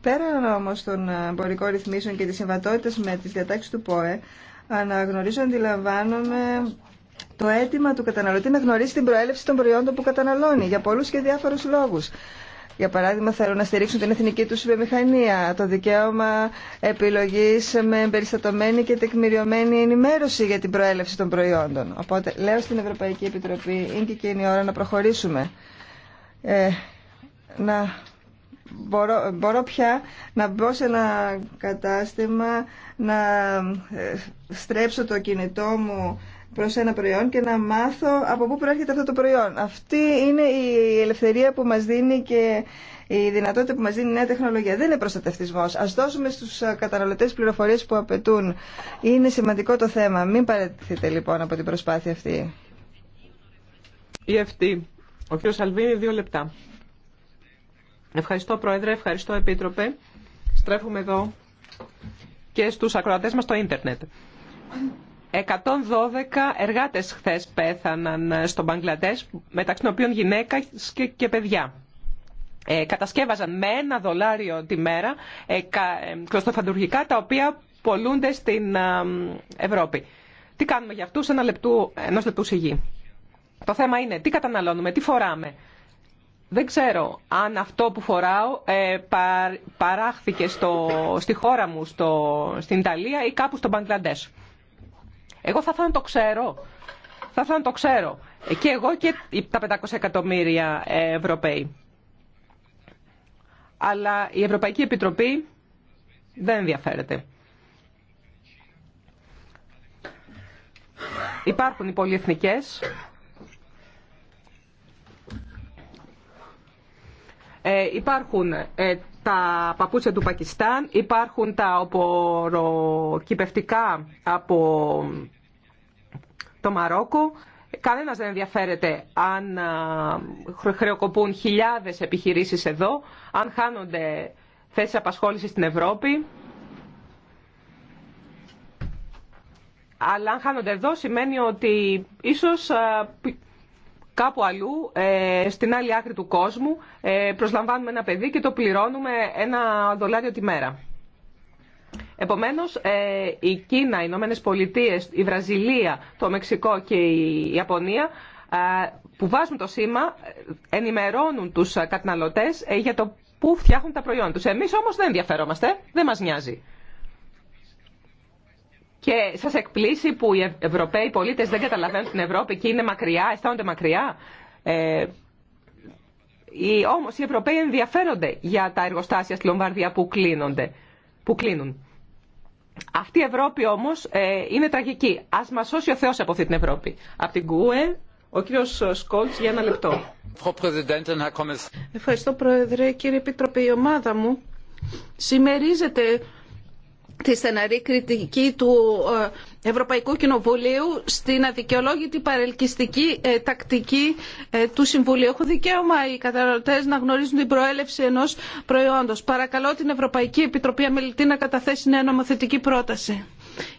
Πέραν όμω των εμπορικών ρυθμίσεων και τη συμβατότητα με τι διατάξει του ΠΟΕ, αναγνωρίζω, αντιλαμβάνομαι το αίτημα του καταναλωτή να γνωρίσει την προέλευση των προϊόντων που καταναλώνει για πολλού και διάφορου λόγου. Για παράδειγμα, θέλουν να στηρίξουν την εθνική του βιομηχανία, το δικαίωμα επιλογή με εμπεριστατωμένη και τεκμηριωμένη ενημέρωση για την προέλευση των προϊόντων. Οπότε, λέω στην Ευρωπαϊκή Επιτροπή, είναι και εκείνη η ώρα να προχωρήσουμε. Ε, να μπορώ, μπορώ πια να μπω σε ένα κατάστημα, να ε, στρέψω το κινητό μου Προ ένα προϊόν και να μάθω από πού προέρχεται αυτό το προϊόν. Αυτή είναι η ελευθερία που μας δίνει και η δυνατότητα που μας δίνει η νέα τεχνολογία. Δεν είναι προστατευτισμός. Ας δώσουμε στους καταναλωτές πληροφορίες που απαιτούν. Είναι σημαντικό το θέμα. Μην παρατηθείτε λοιπόν από την προσπάθεια αυτή. Η αυτή. Ο κ. Σαλβίνη, δύο λεπτά. Ευχαριστώ Πρόεδρε, ευχαριστώ Επίτροπε. Στρέφουμε εδώ και στους ακροατές μας στο ίντερνετ. 112 εργάτες χθες πέθαναν στο Μπαγκλαντές, μεταξύ των οποίων γυναίκα και παιδιά. Ε, κατασκεύαζαν με ένα δολάριο τη μέρα ε, κα, ε, κλωστοφαντουργικά τα οποία πολλούνται στην ε, Ευρώπη. Τι κάνουμε για αυτούς ένα λεπτού, ενός λεπτού σιγή. Το θέμα είναι τι καταναλώνουμε, τι φοράμε. Δεν ξέρω αν αυτό που φοράω ε, παράχθηκε στο, στη χώρα μου, στην Ιταλία ή κάπου στο Μπαγκλαντές. Εγώ θα ήθελα να το ξέρω. Θα ήθελα να το ξέρω. Και εγώ και τα 500 εκατομμύρια Ευρωπαίοι. Αλλά η Ευρωπαϊκή Επιτροπή δεν ενδιαφέρεται. Υπάρχουν οι πολυεθνικές. Ε, υπάρχουν ε, τα παπούτσια του Πακιστάν, υπάρχουν τα οποροκυπευτικά από το Μαρόκο. Κανένας δεν ενδιαφέρεται αν χρεοκοπούν χιλιάδες επιχειρήσεις εδώ, αν χάνονται θέσεις απασχόλησης στην Ευρώπη. Αλλά αν χάνονται εδώ σημαίνει ότι ίσως κάπου αλλού, ε, στην άλλη άκρη του κόσμου, ε, προσλαμβάνουμε ένα παιδί και το πληρώνουμε ένα δολάριο τη μέρα. Επομένως, ε, η Κίνα, οι Ηνωμένε Πολιτείε, η Βραζιλία, το Μεξικό και η Ιαπωνία που βάζουν το σήμα ενημερώνουν τους καταναλωτές για το πού φτιάχνουν τα προϊόντα τους. Εμείς όμως δεν ενδιαφερόμαστε, δεν μας νοιάζει. Και σα εκπλήσει που οι Ευρωπαίοι πολίτες δεν καταλαβαίνουν την Ευρώπη και είναι μακριά, αισθάνονται μακριά. Ε, όμως οι Ευρωπαίοι ενδιαφέρονται για τα εργοστάσια στη Λομβαρδία που, που κλείνουν. Αυτή η Ευρώπη όμως ε, είναι τραγική. Ας μας σώσει ο Θεός από αυτή την Ευρώπη. Από την ΚΟΕ, ο κύριος Σκόλτς για ένα λεπτό. Ευχαριστώ Πρόεδρε. Κύριε Επιτροπή, η ομάδα μου συμμερίζεται τη στεναρή κριτική του ε, Ευρωπαϊκού Κοινοβουλίου στην αδικαιολόγητη παρελκυστική ε, τακτική ε, του Συμβουλίου. Έχω δικαίωμα οι καταναλωτέ να γνωρίζουν την προέλευση ενό προϊόντο. Παρακαλώ την Ευρωπαϊκή Επιτροπή Αμελητή να καταθέσει νέα νομοθετική πρόταση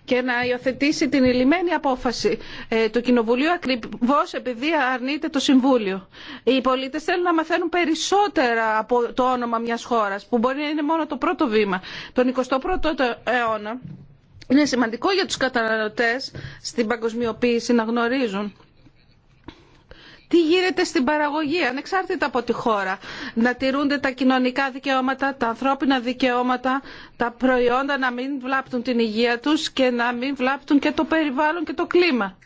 και να υιοθετήσει την ηλυμένη απόφαση ε, του Κοινοβουλίου ακριβώς επειδή αρνείται το Συμβούλιο. Οι πολίτε θέλουν να μαθαίνουν περισσότερα από το όνομα μιας χώρας που μπορεί να είναι μόνο το πρώτο βήμα. Τον 21ο αιώνα είναι σημαντικό για τους καταναλωτέ στην παγκοσμιοποίηση να γνωρίζουν τι γίνεται στην παραγωγή, ανεξάρτητα από τη χώρα. Να τηρούνται τα κοινωνικά δικαιώματα, τα ανθρώπινα δικαιώματα, τα προϊόντα να μην βλάπτουν την υγεία τους και να μην βλάπτουν και το περιβάλλον και το κλίμα.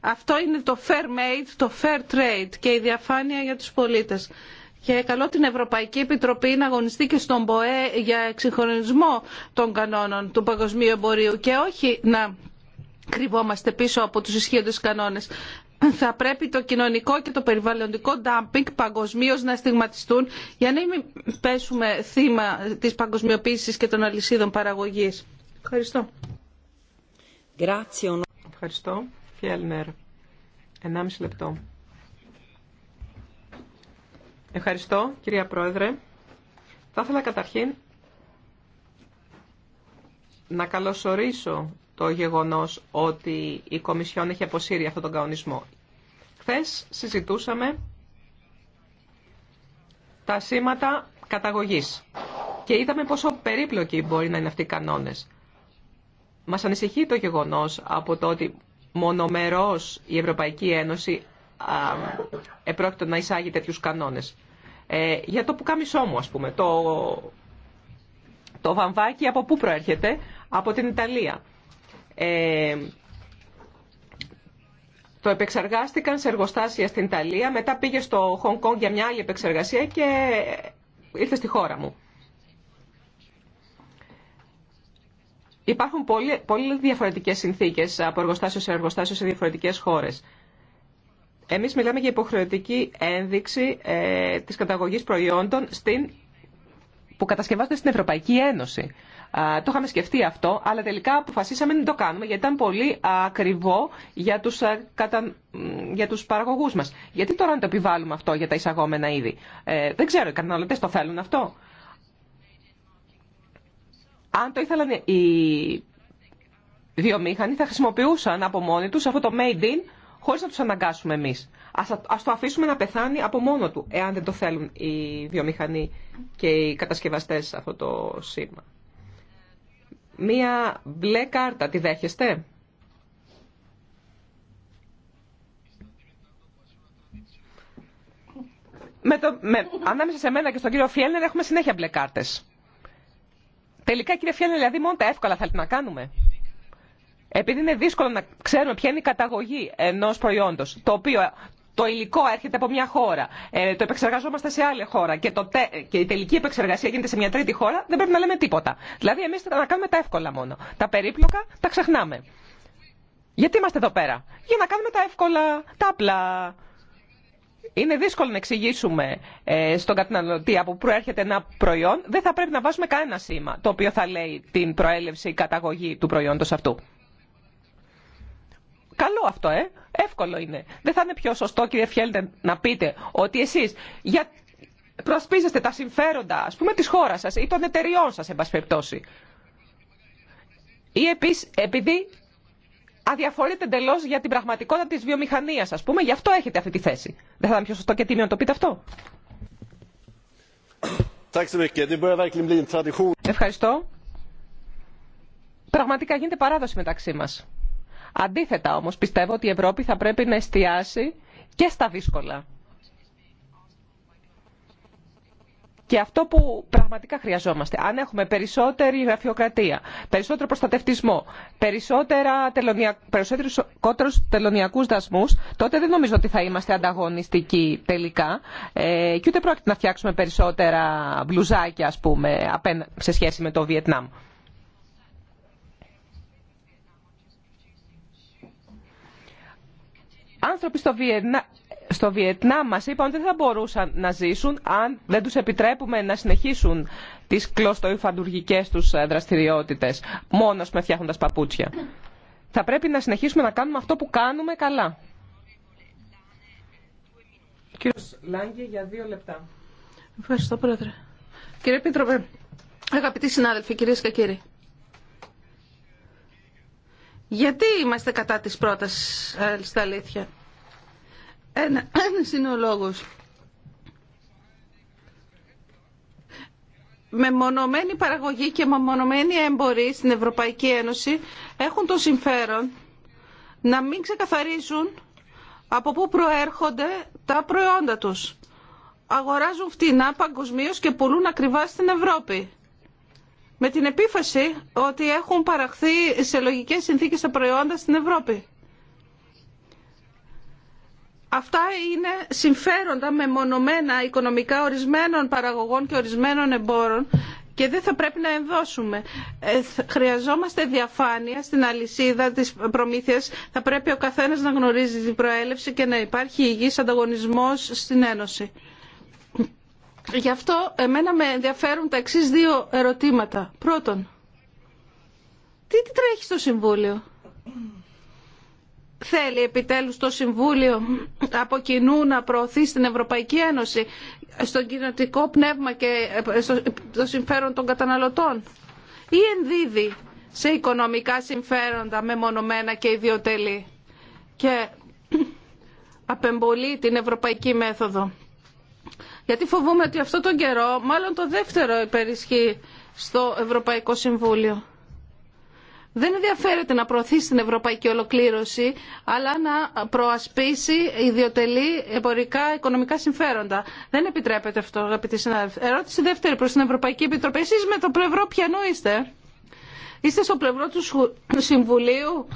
Αυτό είναι το fair made, το fair trade και η διαφάνεια για τους πολίτες. Και καλώ την Ευρωπαϊκή Επιτροπή να αγωνιστεί και στον ΠΟΕ για εξυγχρονισμό των κανόνων του παγκοσμίου εμπορίου και όχι να κρυβόμαστε πίσω από τους ισχύοντες κανόνες θα πρέπει το κοινωνικό και το περιβαλλοντικό ντάμπινγκ παγκοσμίω να στιγματιστούν για να μην πέσουμε θύμα της παγκοσμιοποίησης και των αλυσίδων παραγωγής. Ευχαριστώ. Ευχαριστώ. Φιέλνερ. λεπτό. Ευχαριστώ, κυρία Πρόεδρε. Θα ήθελα καταρχήν να καλωσορίσω το γεγονός ότι η Κομισιόν έχει αποσύρει αυτόν τον καονισμό. Χθε συζητούσαμε τα σήματα καταγωγής και είδαμε πόσο περίπλοκοι μπορεί να είναι αυτοί οι κανόνες. Μας ανησυχεί το γεγονός από το ότι μονομερός η Ευρωπαϊκή Ένωση επρόκειτο να εισάγει τέτοιους κανόνες. Ε, για το πουκάμισό μου, ας πούμε, το, το βαμβάκι από πού προέρχεται, από την Ιταλία. Ε, το επεξεργάστηκαν σε εργοστάσια στην Ιταλία, μετά πήγε στο Χονγκ Κόνγκ για μια άλλη επεξεργασία και ήρθε στη χώρα μου. Υπάρχουν πολύ, πολύ διαφορετικές συνθήκες από εργοστάσιο σε εργοστάσιο σε διαφορετικές χώρες. Εμείς μιλάμε για υποχρεωτική ένδειξη ε, της καταγωγής προϊόντων στην, που κατασκευάζονται στην Ευρωπαϊκή Ένωση. Το είχαμε σκεφτεί αυτό, αλλά τελικά αποφασίσαμε να το κάνουμε γιατί ήταν πολύ ακριβό για τους, κατα... για τους παραγωγούς μας. Γιατί τώρα να το επιβάλλουμε αυτό για τα εισαγόμενα είδη. Ε, δεν ξέρω, οι καταναλωτές το θέλουν αυτό. Αν το ήθελαν οι βιομήχανοι θα χρησιμοποιούσαν από μόνοι τους αυτό το made in χωρίς να τους αναγκάσουμε εμείς. Ας, ας το αφήσουμε να πεθάνει από μόνο του, εάν δεν το θέλουν οι βιομηχανοί και οι κατασκευαστές αυτό το σήμα. Μία μπλε κάρτα, τη δέχεστε? Με το, με, ανάμεσα σε μένα και στον κύριο Φιέλνερ έχουμε συνέχεια μπλε κάρτες. Τελικά κύριε Φιέλνερ, δηλαδή μόνο τα εύκολα θέλετε να κάνουμε. Επειδή είναι δύσκολο να ξέρουμε ποια είναι η καταγωγή ενός προϊόντος, το οποίο το υλικό έρχεται από μια χώρα, ε, το επεξεργαζόμαστε σε άλλη χώρα και, το, και η τελική επεξεργασία γίνεται σε μια τρίτη χώρα, δεν πρέπει να λέμε τίποτα. Δηλαδή εμεί θα κάνουμε τα εύκολα μόνο. Τα περίπλοκα τα ξεχνάμε. Γιατί είμαστε εδώ πέρα. Για να κάνουμε τα εύκολα, τα απλά. Είναι δύσκολο να εξηγήσουμε ε, στον καταναλωτή από πού έρχεται ένα προϊόν. Δεν θα πρέπει να βάζουμε κανένα σήμα το οποίο θα λέει την προέλευση ή καταγωγή του προϊόντος αυτού. Καλό αυτό, ε. Εύκολο είναι. Δεν θα είναι πιο σωστό, κύριε Φιέλντε, να πείτε ότι εσεί για... προσπίζεστε τα συμφέροντα, α πούμε, τη χώρα σα ή των εταιριών σα, εν Ή επίση, επειδή αδιαφορείτε εντελώ για την πραγματικότητα τη βιομηχανία, α πούμε, γι' αυτό έχετε αυτή τη θέση. Δεν θα είναι πιο σωστό και τίμιο να το πείτε αυτό. Ευχαριστώ. Πραγματικά γίνεται παράδοση μεταξύ μας. Αντίθετα όμως πιστεύω ότι η Ευρώπη θα πρέπει να εστιάσει και στα δύσκολα. Και αυτό που πραγματικά χρειαζόμαστε, αν έχουμε περισσότερη γραφειοκρατία, περισσότερο προστατευτισμό, περισσότερα τελωνια... περισσότερους τελωνιακούς δασμούς, τότε δεν νομίζω ότι θα είμαστε ανταγωνιστικοί τελικά ε, και ούτε πρόκειται να φτιάξουμε περισσότερα μπλουζάκια, ας πούμε, σε σχέση με το Βιετνάμ. Άνθρωποι στο, Βιετνα... στο Βιετνάμ μας είπαν ότι δεν θα μπορούσαν να ζήσουν αν δεν τους επιτρέπουμε να συνεχίσουν τις κλωστοϊφαντουργικές τους ε, δραστηριότητες μόνος με φτιάχνοντας παπούτσια. Θα πρέπει να συνεχίσουμε να κάνουμε αυτό που κάνουμε καλά. Λάγκη για δύο λεπτά. Ευχαριστώ πρόεδρε. Κύριε Πίτροπε, αγαπητοί συνάδελφοι, κυρίες και κύριοι. Γιατί είμαστε κατά της πρότασης, ε, στα αλήθεια. Ένα, ένας είναι ο λόγος. με μονομένη παραγωγή και με μονομένη έμποροι στην Ευρωπαϊκή Ένωση έχουν το συμφέρον να μην ξεκαθαρίζουν από πού προέρχονται τα προϊόντα τους. Αγοράζουν φτηνά παγκοσμίω και πουλούν ακριβά στην Ευρώπη με την επίφαση ότι έχουν παραχθεί σε λογικές συνθήκες τα προϊόντα στην Ευρώπη. Αυτά είναι συμφέροντα μεμονωμένα οικονομικά ορισμένων παραγωγών και ορισμένων εμπόρων και δεν θα πρέπει να ενδώσουμε. Ε, χρειαζόμαστε διαφάνεια στην αλυσίδα της προμήθειας. Θα πρέπει ο καθένας να γνωρίζει την προέλευση και να υπάρχει υγιής ανταγωνισμός στην Ένωση. Γι' αυτό εμένα με ενδιαφέρουν τα εξή δύο ερωτήματα. Πρώτον, τι, τι τρέχει στο Συμβούλιο. Θέλει επιτέλους το Συμβούλιο από κοινού να προωθεί στην Ευρωπαϊκή Ένωση στον κοινωτικό πνεύμα και ε, στο συμφέρον των καταναλωτών ή ενδίδει σε οικονομικά συμφέροντα μεμονωμένα και ιδιωτελή και απεμπολεί την ευρωπαϊκή μέθοδο γιατί φοβούμαι ότι αυτό τον καιρό, μάλλον το δεύτερο υπερισχύει στο Ευρωπαϊκό Συμβούλιο. Δεν ενδιαφέρεται να προωθήσει την ευρωπαϊκή ολοκλήρωση, αλλά να προασπίσει ιδιωτελή εμπορικά οικονομικά συμφέροντα. Δεν επιτρέπεται αυτό, αγαπητοί συνάδελφοι. Ερώτηση δεύτερη προ την Ευρωπαϊκή Επιτροπή. Εσεί με το πλευρό ποιανού είστε, είστε στο πλευρό του Συμβουλίου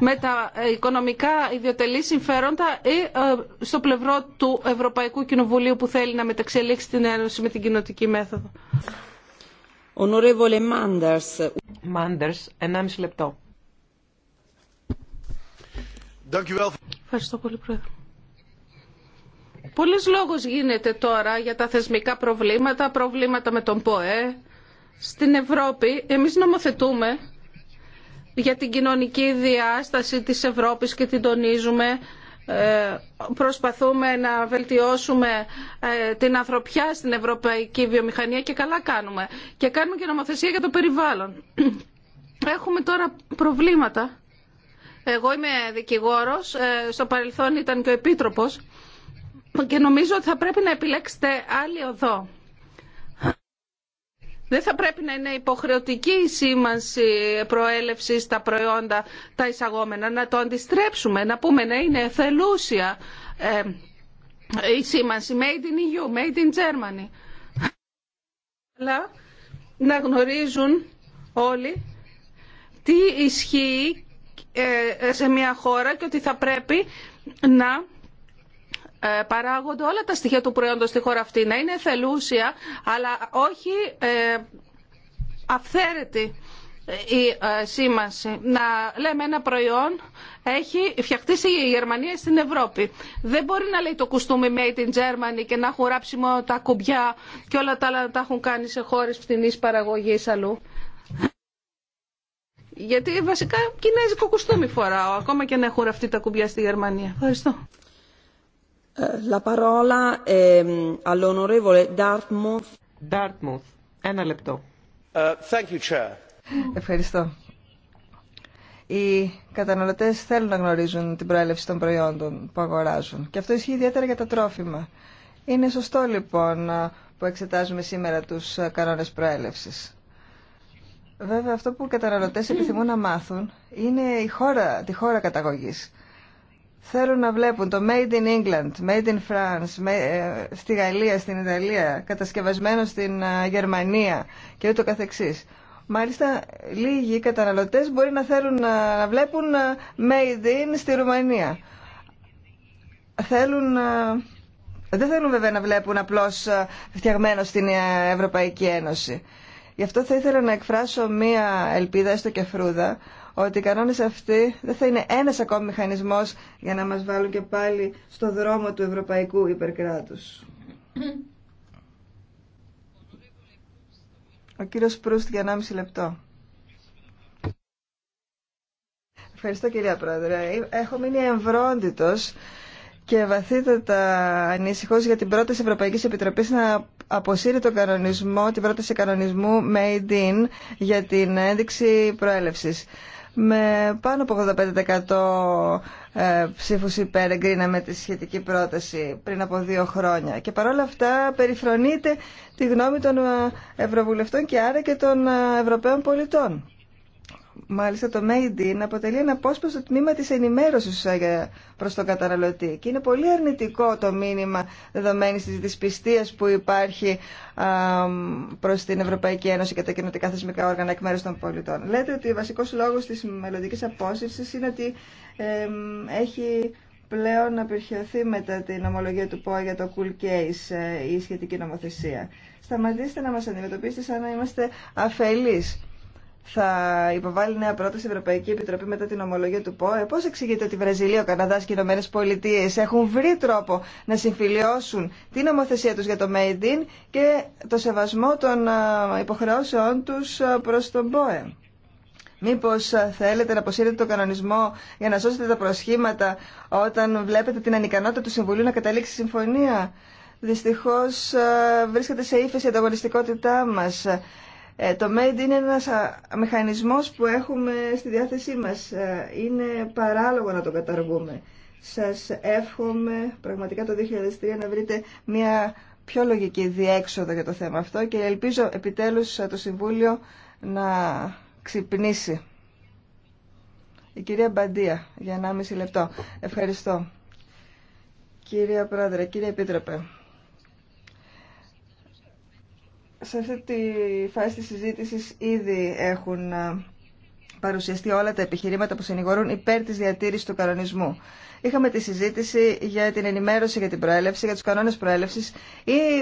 με τα ε, οικονομικά ιδιωτελή συμφέροντα ή ε, στο πλευρό του Ευρωπαϊκού Κοινοβουλίου που θέλει να μεταξελίξει την Ένωση με την κοινοτική μέθοδο. Ονορεύολε Μάντερς. λεπτό. γίνεται τώρα για τα θεσμικά προβλήματα, προβλήματα με τον ΠΟΕ. Στην Ευρώπη εμείς νομοθετούμε για την κοινωνική διάσταση της Ευρώπης και την τονίζουμε. Ε, προσπαθούμε να βελτιώσουμε ε, την ανθρωπιά στην ευρωπαϊκή βιομηχανία και καλά κάνουμε. Και κάνουμε και νομοθεσία για το περιβάλλον. (clears throat) Έχουμε τώρα προβλήματα. Εγώ είμαι δικηγόρος, ε, στο παρελθόν ήταν και ο Επίτροπος και νομίζω ότι θα πρέπει να επιλέξετε άλλη οδό. Δεν θα πρέπει να είναι υποχρεωτική η σήμανση προέλευση στα προϊόντα τα εισαγόμενα. Να το αντιστρέψουμε, να πούμε να είναι θελούσια ε, η σήμανση. Made in EU, made in Germany. Αλλά να γνωρίζουν όλοι τι ισχύει ε, σε μια χώρα και ότι θα πρέπει να ε, παράγονται όλα τα στοιχεία του προϊόντος στη χώρα αυτή, να είναι εθελούσια, αλλά όχι ε, αυθαίρετη ε, η σήμανση. Να λέμε ένα προϊόν έχει φτιαχτεί η Γερμανία στην Ευρώπη. Δεν μπορεί να λέει το κουστούμι made in Germany και να έχουν ράψει μόνο τα κουμπιά και όλα τα άλλα να τα έχουν κάνει σε χώρες φθηνής παραγωγής αλλού. Γιατί βασικά κινέζικο κουστούμι φοράω, ακόμα και να έχουν ραφτεί τα κουμπιά στη Γερμανία. Ευχαριστώ. La ehm, Ένα λεπτό. Ε, Ευχαριστώ. Οι καταναλωτέ θέλουν να γνωρίζουν την προέλευση των προϊόντων που αγοράζουν. Και αυτό ισχύει ιδιαίτερα για τα τρόφιμα. Είναι σωστό λοιπόν που εξετάζουμε σήμερα του κανόνε προέλευση. Βέβαια, αυτό που οι καταναλωτέ επιθυμούν να μάθουν είναι η χώρα, τη χώρα καταγωγής θέλουν να βλέπουν το Made in England, Made in France, ε, στη Γαλλία, στην Ιταλία, κατασκευασμένο στην ε, Γερμανία και ούτω καθεξής. Μάλιστα, λίγοι καταναλωτές μπορεί να θέλουν ε, να βλέπουν Made in στη Ρουμανία. Θέλουν, δεν θέλουν βέβαια να βλέπουν απλώς φτιαγμένο στην Ευρωπαϊκή Ένωση. Γι' αυτό θα ήθελα να εκφράσω μία ελπίδα στο κεφρούδα ότι οι κανόνε αυτοί δεν θα είναι ένας ακόμη μηχανισμό για να μας βάλουν και πάλι στο δρόμο του ευρωπαϊκού υπερκράτους. Ο κύριος Προύστ για 1,5 λεπτό. Ευχαριστώ κυρία Πρόεδρε. Έχω μείνει εμβρόντιτος και βαθύτατα ανήσυχος για την πρόταση Ευρωπαϊκής Επιτροπής να αποσύρει τον κανονισμό, την πρόταση κανονισμού Made in για την ένδειξη προέλευσης με πάνω από 85% ε, ψήφους υπέρ με τη σχετική πρόταση πριν από δύο χρόνια. Και παρόλα αυτά περιφρονείται τη γνώμη των ε, Ευρωβουλευτών και άρα και των ε, Ευρωπαίων πολιτών. Μάλιστα το Made in αποτελεί ένα απόσπαστο τμήμα της ενημέρωσης ε, προς τον καταναλωτή και είναι πολύ αρνητικό το μήνυμα δεδομένης της δυσπιστίας που υπάρχει προς την Ευρωπαϊκή Ένωση και τα κοινωτικά θεσμικά όργανα εκ μέρους των πολιτών. Λέτε ότι ο βασικός λόγος της μελλοντικής απόσυρσης είναι ότι έχει πλέον απερχιωθεί μετά την ομολογία του ΠΟΑ για το cool case ε, η σχετική νομοθεσία. Σταματήστε να μας αντιμετωπίσετε σαν να είμαστε αφελείς θα υποβάλει νέα πρόταση η Ευρωπαϊκή Επιτροπή μετά την ομολογία του ΠΟΕ. Πώ εξηγείτε ότι η Βραζιλία, ο Καναδά και οι Ηνωμένε Πολιτείε έχουν βρει τρόπο να συμφιλειώσουν την νομοθεσία του για το Made in και το σεβασμό των υποχρεώσεών του προ τον ΠΟΕ. Μήπω θέλετε να αποσύρετε τον κανονισμό για να σώσετε τα προσχήματα όταν βλέπετε την ανικανότητα του Συμβουλίου να καταλήξει συμφωνία. Δυστυχώ βρίσκεται σε ύφεση η ανταγωνιστικότητά μα ε, το MADE είναι ένας μηχανισμός που έχουμε στη διάθεσή μας. Ε, είναι παράλογο να το καταργούμε. Σας εύχομαι πραγματικά το 2003 να βρείτε μια πιο λογική διέξοδο για το θέμα αυτό και ελπίζω επιτέλους ε, το Συμβούλιο να ξυπνήσει. Η κυρία Μπαντία, για 1,5 λεπτό. Ευχαριστώ. Κύριε Πρόεδρε, κύριε Επίτροπε σε αυτή τη φάση της συζήτησης ήδη έχουν ε, παρουσιαστεί όλα τα επιχειρήματα που συνηγορούν υπέρ της διατήρησης του κανονισμού. Είχαμε τη συζήτηση για την ενημέρωση για την προέλευση, για τους κανόνες προέλευσης.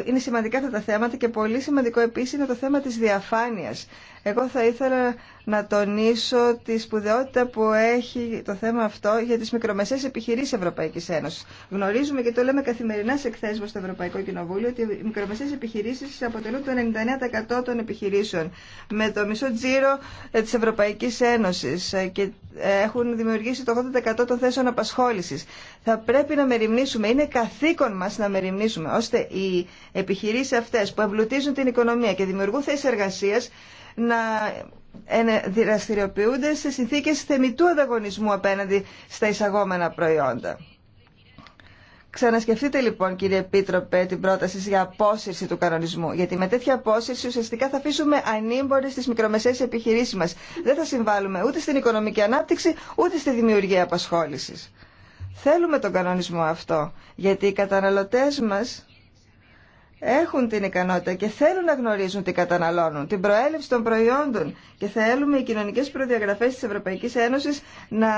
Είναι σημαντικά αυτά τα θέματα και πολύ σημαντικό επίσης είναι το θέμα της διαφάνειας. Εγώ θα ήθελα να τονίσω τη σπουδαιότητα που έχει το θέμα αυτό για τις μικρομεσαίες επιχειρήσεις Ευρωπαϊκής Ένωσης. Γνωρίζουμε και το λέμε καθημερινά σε εκθέσεις στο Ευρωπαϊκό Κοινοβούλιο ότι οι μικρομεσαίες επιχειρήσεις αποτελούν το 99% των επιχειρήσεων με το μισό τζίρο ε, της Ευρωπαϊκής Ένωσης ε, και ε, έχουν δημιουργήσει το 80% των θέσεων απασχόλησης. Θα πρέπει να μεριμνήσουμε, είναι καθήκον μας να μεριμνήσουμε ώστε οι επιχειρήσεις αυτές που εμπλουτίζουν την οικονομία και δημιουργούν θέσεις εργασίας να δραστηριοποιούνται σε συνθήκες θεμητού ανταγωνισμού απέναντι στα εισαγόμενα προϊόντα. Ξανασκεφτείτε λοιπόν κύριε Επίτροπε την πρόταση για απόσυρση του κανονισμού. Γιατί με τέτοια απόσυρση ουσιαστικά θα αφήσουμε ανήμπορε τι μικρομεσαίε επιχειρήσει μα. Δεν θα συμβάλλουμε ούτε στην οικονομική ανάπτυξη ούτε στη δημιουργία απασχόληση. Θέλουμε τον κανονισμό αυτό γιατί οι καταναλωτέ μα έχουν την ικανότητα και θέλουν να γνωρίζουν τι καταναλώνουν, την προέλευση των προϊόντων και θέλουμε οι κοινωνικέ προδιαγραφέ τη Ευρωπαϊκή Ένωση να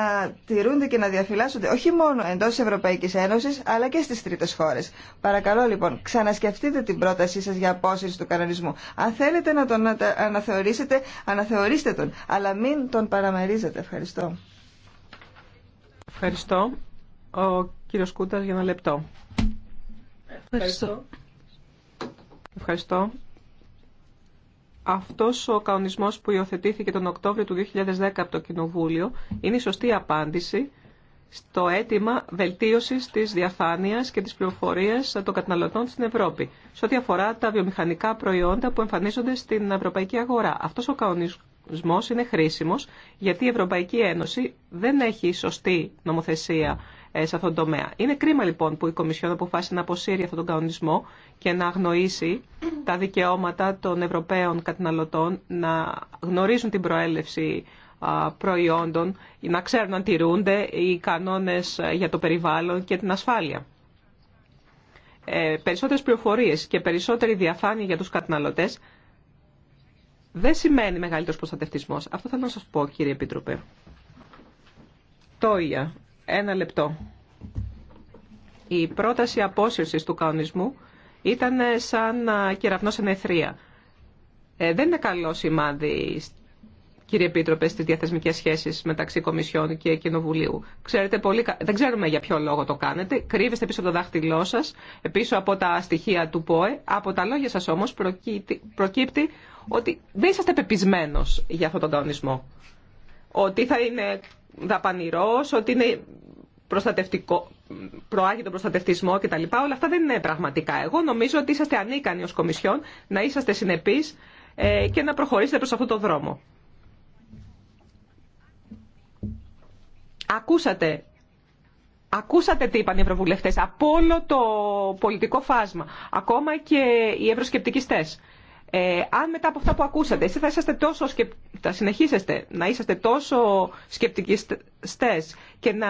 τηρούνται και να διαφυλάσσονται όχι μόνο εντό της Ευρωπαϊκής Ένωσης αλλά και στι τρίτε χώρε. Παρακαλώ λοιπόν, ξανασκεφτείτε την πρότασή σα για απόσυρση του κανονισμού. Αν θέλετε να τον αναθεωρήσετε, αναθεωρήστε τον, αλλά μην τον παραμερίζετε. Ευχαριστώ. Ευχαριστώ. Ο κύριο Κούτα για ένα λεπτό. Ευχαριστώ. Ευχαριστώ. Αυτός ο κανονισμός που υιοθετήθηκε τον Οκτώβριο του 2010 από το Κοινοβούλιο είναι η σωστή απάντηση στο αίτημα βελτίωσης της διαφάνειας και της πληροφορίας των καταναλωτών στην Ευρώπη, σε ό,τι αφορά τα βιομηχανικά προϊόντα που εμφανίζονται στην ευρωπαϊκή αγορά. Αυτός ο κανονισμός είναι χρήσιμος γιατί η Ευρωπαϊκή Ένωση δεν έχει σωστή νομοθεσία ε, σε αυτόν τον τομέα. Είναι κρίμα λοιπόν που η Κομισιόν αποφάσισε να αποσύρει αυτόν τον κανονισμό και να αγνοήσει τα δικαιώματα των Ευρωπαίων καταναλωτών να γνωρίζουν την προέλευση προϊόντων, να ξέρουν αν τηρούνται οι κανόνες ε, για το περιβάλλον και την ασφάλεια. Ε, περισσότερες πληροφορίες και περισσότερη διαφάνεια για τους καταναλωτές δεν σημαίνει μεγαλύτερος προστατευτισμός. Αυτό θα να σας πω κύριε Επίτροπε. Τόια ένα λεπτό. Η πρόταση απόσυρσης του καονισμού ήταν σαν κεραυνός σε Ε, δεν είναι καλό σημάδι, κύριε Επίτροπε, στις διαθεσμικές σχέσεις μεταξύ Κομισιόν και Κοινοβουλίου. Ξέρετε πολύ, δεν ξέρουμε για ποιο λόγο το κάνετε. Κρύβεστε πίσω από το δάχτυλό σας, πίσω από τα στοιχεία του ΠΟΕ. Από τα λόγια σας όμως προκύπτει, ότι δεν είσαστε πεπισμένος για αυτόν τον καονισμό ότι θα είναι δαπανηρό, ότι είναι προστατευτικό, προάγει τον προστατευτισμό κτλ. Όλα αυτά δεν είναι πραγματικά. Εγώ νομίζω ότι είσαστε ανίκανοι ω Κομισιόν να είσαστε συνεπείς ε, και να προχωρήσετε προ αυτόν τον δρόμο. Ακούσατε Ακούσατε τι είπαν οι ευρωβουλευτέ από όλο το πολιτικό φάσμα, ακόμα και οι ευρωσκεπτικιστές. Ε, αν μετά από αυτά που ακούσατε, εσείς θα, είσαστε τόσο θα συνεχίσετε να είσαστε τόσο σκεπτικιστές και να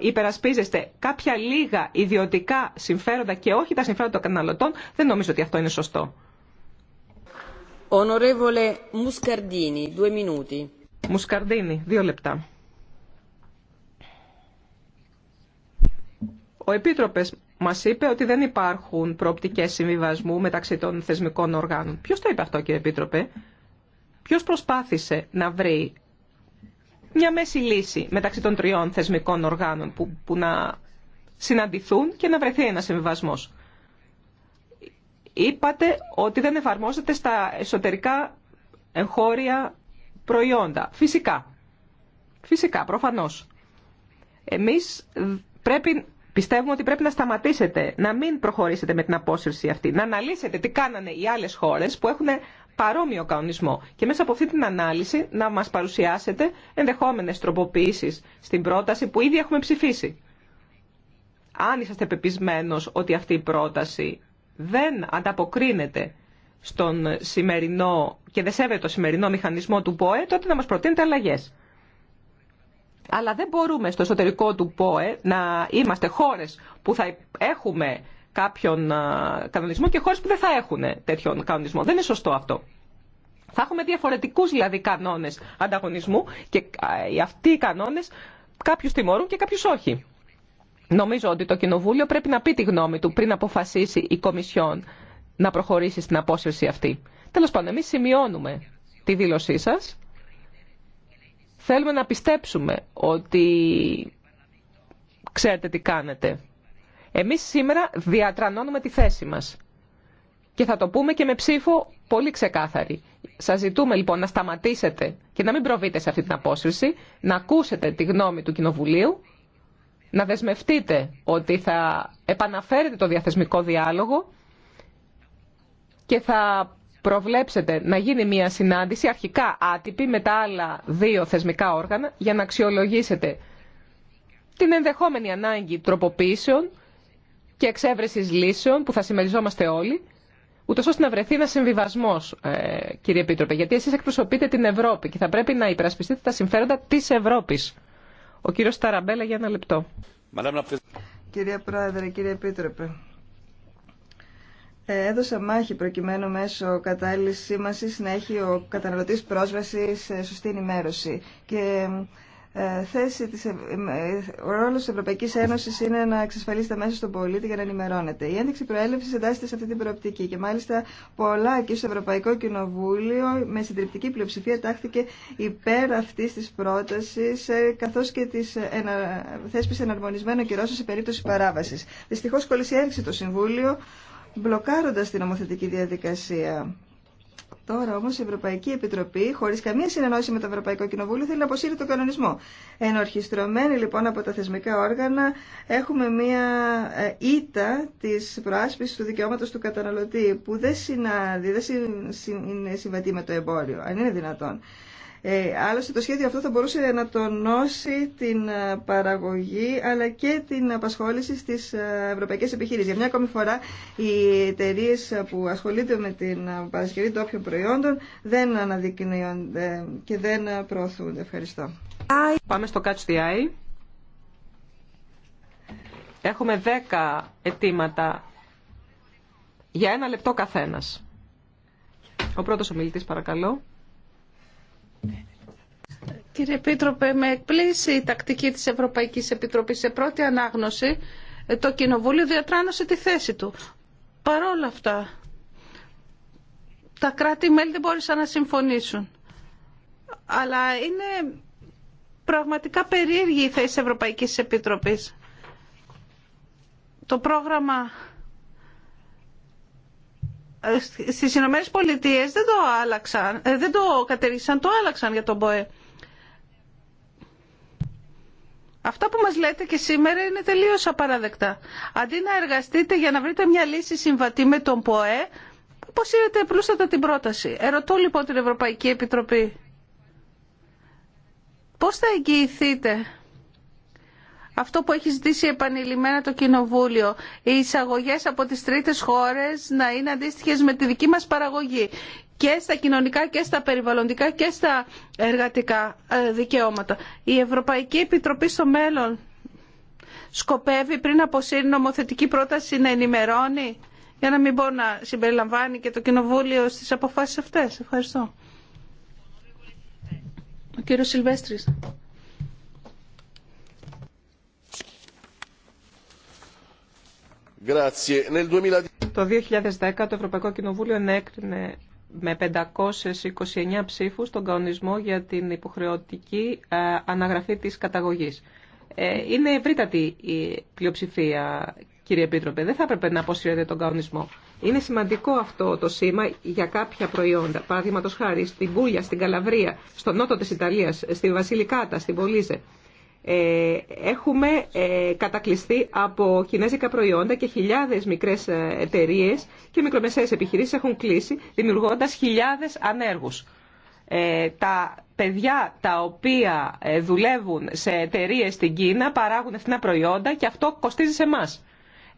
υπερασπίζεστε κάποια λίγα ιδιωτικά συμφέροντα και όχι τα συμφέροντα των καταναλωτών, δεν νομίζω ότι αυτό είναι σωστό. Ονορεύολε δύο λεπτά. Ο Επίτροπες μα είπε ότι δεν υπάρχουν προοπτικέ συμβιβασμού μεταξύ των θεσμικών οργάνων. Ποιο το είπε αυτό κύριε Επίτροπε, Ποιο προσπάθησε να βρει μια μέση λύση μεταξύ των τριών θεσμικών οργάνων που, που να συναντηθούν και να βρεθεί ένα συμβιβασμό. Είπατε ότι δεν εφαρμόζεται στα εσωτερικά εγχώρια προϊόντα. Φυσικά. Φυσικά, προφανώς. Εμείς πρέπει Πιστεύουμε ότι πρέπει να σταματήσετε, να μην προχωρήσετε με την απόσυρση αυτή, να αναλύσετε τι κάνανε οι άλλες χώρες που έχουν παρόμοιο κανονισμό και μέσα από αυτή την ανάλυση να μας παρουσιάσετε ενδεχόμενες τροποποιήσεις στην πρόταση που ήδη έχουμε ψηφίσει. Αν είσαστε πεπισμένος ότι αυτή η πρόταση δεν ανταποκρίνεται στον σημερινό και δεν σέβεται το σημερινό μηχανισμό του ΠΟΕ, τότε να μας προτείνετε αλλαγές. Αλλά δεν μπορούμε στο εσωτερικό του ΠΟΕ να είμαστε χώρες που θα έχουμε κάποιον κανονισμό και χώρες που δεν θα έχουν τέτοιον κανονισμό. Δεν είναι σωστό αυτό. Θα έχουμε διαφορετικούς δηλαδή κανόνες ανταγωνισμού και αυτοί οι κανόνες κάποιους τιμωρούν και κάποιους όχι. Νομίζω ότι το Κοινοβούλιο πρέπει να πει τη γνώμη του πριν αποφασίσει η Κομισιόν να προχωρήσει στην απόσυρση αυτή. Τέλος πάντων, εμείς σημειώνουμε τη δήλωσή σας Θέλουμε να πιστέψουμε ότι ξέρετε τι κάνετε. Εμείς σήμερα διατρανώνουμε τη θέση μας. Και θα το πούμε και με ψήφο πολύ ξεκάθαρη. Σας ζητούμε λοιπόν να σταματήσετε και να μην προβείτε σε αυτή την απόσυρση, να ακούσετε τη γνώμη του Κοινοβουλίου, να δεσμευτείτε ότι θα επαναφέρετε το διαθεσμικό διάλογο και θα προβλέψετε να γίνει μια συνάντηση αρχικά άτυπη με τα άλλα δύο θεσμικά όργανα για να αξιολογήσετε την ενδεχόμενη ανάγκη τροποποίησεων και εξέβρεσης λύσεων που θα συμμεριζόμαστε όλοι, ούτω ώστε να βρεθεί ένα συμβιβασμό, ε, κύριε Επίτροπε. Γιατί εσεί εκπροσωπείτε την Ευρώπη και θα πρέπει να υπερασπιστείτε τα συμφέροντα τη Ευρώπη. Ο κύριο Ταραμπέλα για ένα λεπτό. Κύριε Πρόεδρε, κύριε Επίτροπε έδωσα μάχη προκειμένου μέσω κατάλληλη σήμανση να έχει ο καταναλωτή πρόσβαση σε σωστή ενημέρωση. Και ε, θέση της, ε, ο ρόλο τη Ευρωπαϊκή Ένωση είναι να εξασφαλίσει τα μέσα στον πολίτη για να ενημερώνεται. Η ένδειξη προέλευση εντάσσεται σε αυτή την προοπτική και μάλιστα πολλά και στο Ευρωπαϊκό Κοινοβούλιο με συντριπτική πλειοψηφία τάχθηκε υπέρ αυτής της πρότασης ε, καθώς και της ενα... θέσπισης εναρμονισμένων κυρώσεων σε περίπτωση παράβαση. Δυστυχώ κολλήσει το Συμβούλιο μπλοκάροντας την νομοθετική διαδικασία. Τώρα όμω η Ευρωπαϊκή Επιτροπή, χωρί καμία συνεννόηση με το Ευρωπαϊκό Κοινοβούλιο, θέλει να αποσύρει τον κανονισμό. Ενορχιστρωμένοι λοιπόν από τα θεσμικά όργανα, έχουμε μία ε, ήττα τη προάσπιση του δικαιώματο του καταναλωτή, που δεν συνάδει, δεν είναι συμβατή με το εμπόριο, αν είναι δυνατόν. Ε, άλλωστε το σχέδιο αυτό θα μπορούσε να τονώσει την ε, παραγωγή αλλά και την απασχόληση στις ε, ευρωπαϊκές επιχείρησεις. Για μια ακόμη φορά οι εταιρείε που ασχολείται με την ε, παρασκευή των προϊόντων δεν αναδεικνύονται και δεν προωθούνται. Ευχαριστώ. Πάμε στο Catch the Eye. Έχουμε 10 αιτήματα για ένα λεπτό καθένας. Ο πρώτος ομιλητής παρακαλώ. Κύριε Επίτροπε, με εκπλήσει η τακτική της Ευρωπαϊκής Επιτροπής σε πρώτη ανάγνωση. Το Κοινοβούλιο διατράνωσε τη θέση του. Παρόλα αυτά, τα κράτη-μέλη δεν μπόρεσαν να συμφωνήσουν. Αλλά είναι πραγματικά περίεργη η θέση της Ευρωπαϊκής Επιτροπής. Το πρόγραμμα ε, στις Ηνωμένες Πολιτείες δεν το άλλαξαν, ε, δεν το το άλλαξαν για τον ΠΟΕ. Αυτά που μας λέτε και σήμερα είναι τελείως απαραδεκτά. Αντί να εργαστείτε για να βρείτε μια λύση συμβατή με τον ΠΟΕ, είδατε πλούστατα την πρόταση. Ερωτώ λοιπόν την Ευρωπαϊκή Επιτροπή. Πώς θα εγγυηθείτε αυτό που έχει ζητήσει επανειλημμένα το Κοινοβούλιο, οι εισαγωγέ από τις τρίτε χώρες να είναι αντίστοιχε με τη δική μας παραγωγή και στα κοινωνικά και στα περιβαλλοντικά και στα εργατικά ε, δικαιώματα. Η Ευρωπαϊκή Επιτροπή στο μέλλον σκοπεύει πριν αποσύρει νομοθετική πρόταση να ενημερώνει για να μην μπορεί να συμπεριλαμβάνει και το Κοινοβούλιο στις αποφάσεις αυτές. Ευχαριστώ. Ο κύριος Σιλβέστρης. Το 2010 το Ευρωπαϊκό Κοινοβούλιο ενέκρινε με 529 ψήφους τον κανονισμό για την υποχρεωτική ε, αναγραφή της καταγωγής. Ε, είναι ευρύτατη η πλειοψηφία, κύριε Επίτροπε. Δεν θα έπρεπε να αποσύρετε τον κανονισμό. Είναι σημαντικό αυτό το σήμα για κάποια προϊόντα. Παραδείγματο χάρη στην Πούλια, στην Καλαβρία, στο νότο της Ιταλίας, στη Βασιλικάτα, στην Πολύζε. Ε, έχουμε ε, κατακλειστεί από κινέζικα προϊόντα και χιλιάδες μικρές ε, εταιρείε και μικρομεσαίες επιχειρήσεις έχουν κλείσει, δημιουργώντας χιλιάδες ανέργους. τα παιδιά τα οποία δουλεύουν σε εταιρείε στην Κίνα παράγουν ευθυνά προϊόντα και αυτό κοστίζει σε εμάς.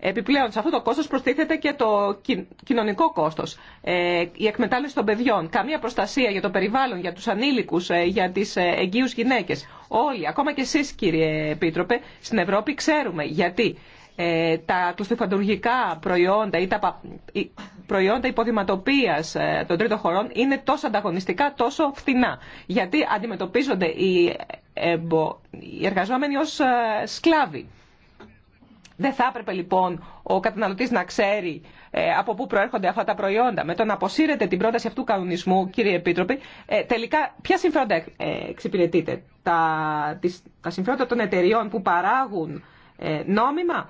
Επιπλέον, σε αυτό το κόστος προστίθεται και το κοινωνικό κόστος. Ε, η εκμετάλλευση των παιδιών, καμία προστασία για το περιβάλλον, για τους ανήλικους, ε, για τις ε, εγγύους γυναίκες. Όλοι, ακόμα και εσείς κύριε Επίτροπε, στην Ευρώπη ξέρουμε γιατί τα κλωστοφαντουργικά προϊόντα ή τα προϊόντα υποδηματοποίησης των τρίτων χωρών είναι τόσο ανταγωνιστικά, τόσο φθηνά. Γιατί αντιμετωπίζονται οι, εργαζόμενοι ως σκλάβοι. Δεν θα έπρεπε λοιπόν ο καταναλωτή να ξέρει ε, από πού προέρχονται αυτά τα προϊόντα. Με το να αποσύρετε την πρόταση αυτού του κανονισμού, κύριε Επίτροπε, ε, τελικά ποια συμφέροντα ε, εξυπηρετείτε. Τα, τα συμφέροντα των εταιριών που παράγουν νόμιμα,